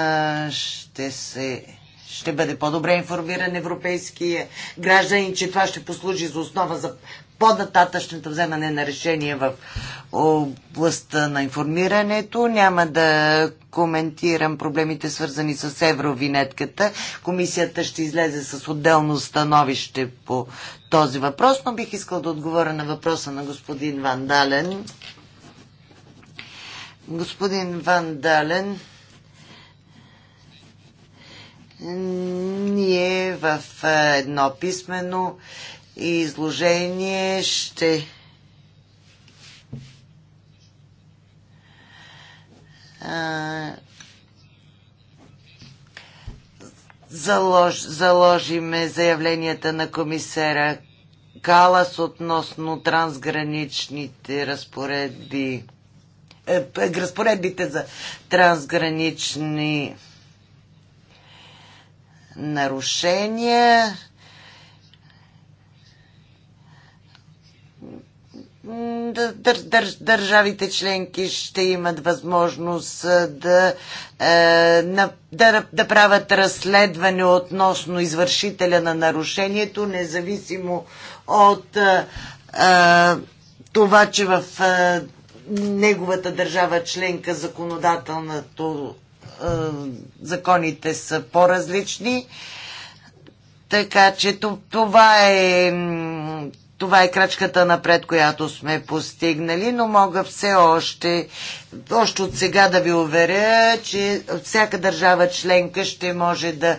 ще се ще бъде по-добре информиран европейския гражданин, че това ще послужи за основа за по-нататъчното вземане на решение в областта на информирането. Няма да коментирам проблемите свързани с евровинетката. Комисията ще излезе с отделно становище по този въпрос, но бих искал да отговоря на въпроса на господин Ван Дален. Господин Ван Дален, ние в едно писмено изложение ще залож, заложиме заявленията на комисера Калас относно трансграничните разпоредби е, разпоредбите за трансгранични нарушения държавите членки ще имат възможност да, е, да, да правят разследване относно извършителя на нарушението, независимо от това, че в неговата държава членка законодателното законите са по-различни. Така че това е това е крачката напред, която сме постигнали, но мога все още, още от сега да ви уверя, че всяка държава членка ще може да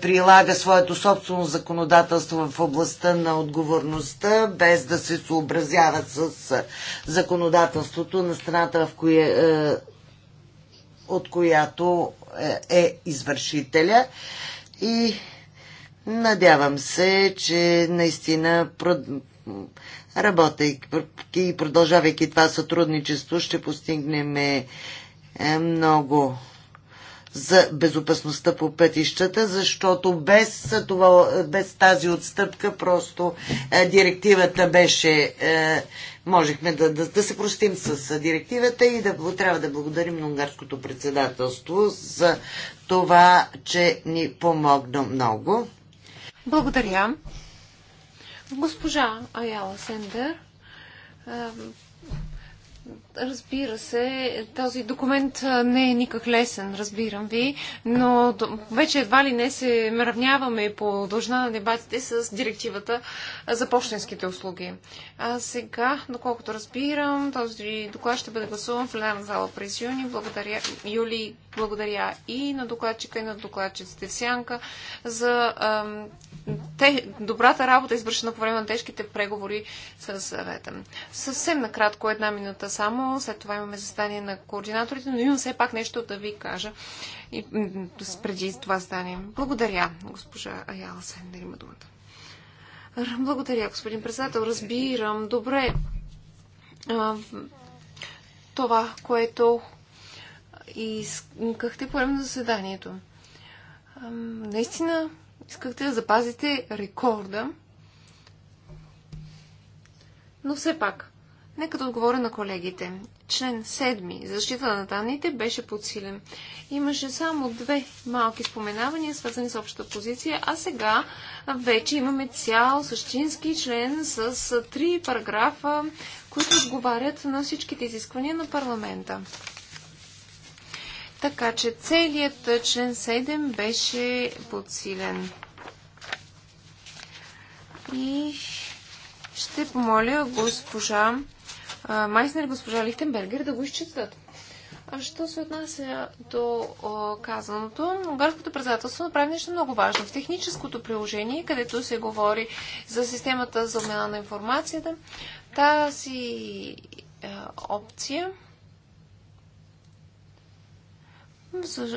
прилага своето собствено законодателство в областта на отговорността, без да се съобразява с законодателството на страната, в кое, от която е, е извършителя. И Надявам се, че наистина работейки и продължавайки това сътрудничество, ще постигнем е, е, много за безопасността по пътищата, защото без, това, без тази отстъпка просто е, директивата беше... Е, можехме да, да, да се простим с е, директивата и да трябва да благодарим на унгарското председателство за това, че ни помогна много. Благодаря. Госпожа Аяла Сендер, разбира се, този документ не е никак лесен, разбирам ви, но вече едва ли не се равняваме по дължина на дебатите с директивата за почтенските услуги. А сега, доколкото разбирам, този доклад ще бъде гласуван в пленарна зала през юни. Благодаря, юли, благодаря и на докладчика, и на докладчиците в Сянка за те, добрата работа, е извършена по време на тежките преговори с съвета. Съвсем накратко, една минута само, след това имаме застание на координаторите, но имам все пак нещо да ви кажа и преди това стане. Благодаря, госпожа Аяла Сендер има думата. Благодаря, господин председател. Разбирам добре а, това, което искахте по време на заседанието. А, наистина, Искахте да запазите рекорда. Но все пак, нека да отговоря на колегите. Член 7. Защита на данните беше подсилен. Имаше само две малки споменавания, свързани с общата позиция, а сега вече имаме цял същински член с три параграфа, които отговарят на всичките изисквания на парламента. Така че целият член 7 беше подсилен. И ще помоля госпожа Майснер и госпожа Лихтенбергер да го изчитат. А що се отнася до о, казаното, унгарското председателство направи нещо много важно. В техническото приложение, където се говори за системата за обмена на информацията, тази е, опция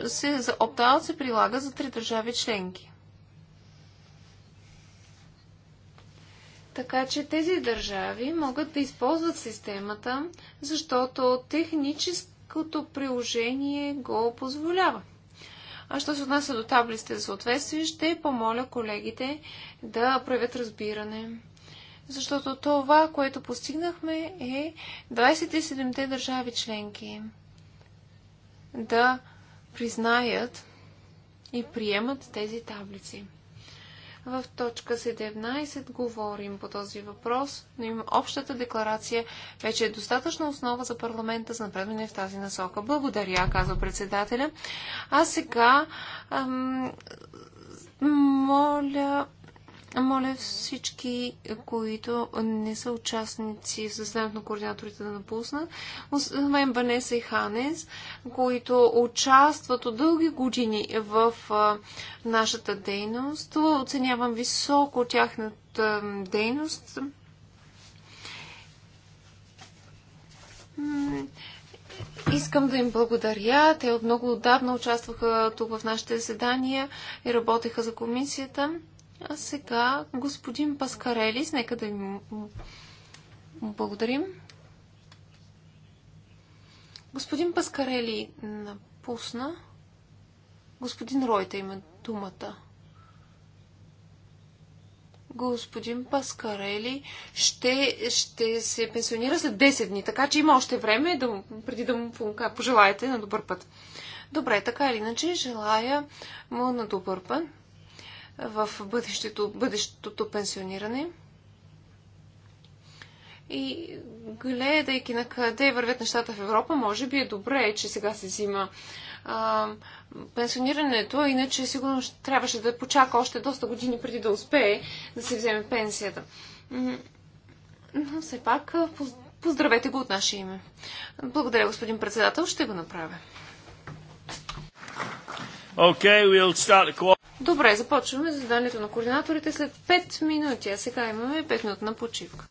се, за се прилага за три държави членки. Така че тези държави могат да използват системата, защото техническото приложение го позволява. А що се отнася до таблиците за съответствие, ще помоля колегите да проявят разбиране. Защото това, което постигнахме е 27-те държави членки да признаят и приемат тези таблици. В точка 17 говорим по този въпрос, но има общата декларация вече е достатъчна основа за парламента за напредване в тази насока. Благодаря, казва председателя. А сега ам, моля моля всички, които не са участници в заседанието на координаторите да напуснат, освен Ванеса и Ханес, които участват от дълги години в нашата дейност. Оценявам високо тяхната дейност. Искам да им благодаря. Те от много отдавна участваха тук в нашите заседания и работеха за комисията. А сега господин Паскарелис, нека да ви му благодарим. Господин Паскарели напусна. Господин Ройта има думата. Господин Паскарели ще, ще се пенсионира след 10 дни, така че има още време да, преди да му пожелаете на добър път. Добре, така или иначе, желая му на добър път в бъдещето, бъдещото пенсиониране. И гледайки на къде вървят нещата в Европа, може би е добре, че сега се взима а, пенсионирането, иначе сигурно трябваше да почака още доста години преди да успее да се вземе пенсията. Но все пак поздравете го от наше име. Благодаря, господин председател, ще го направя. Okay, we'll start the Добре, започваме заданието на координаторите след 5 минути, а сега имаме 5 минути на почивка.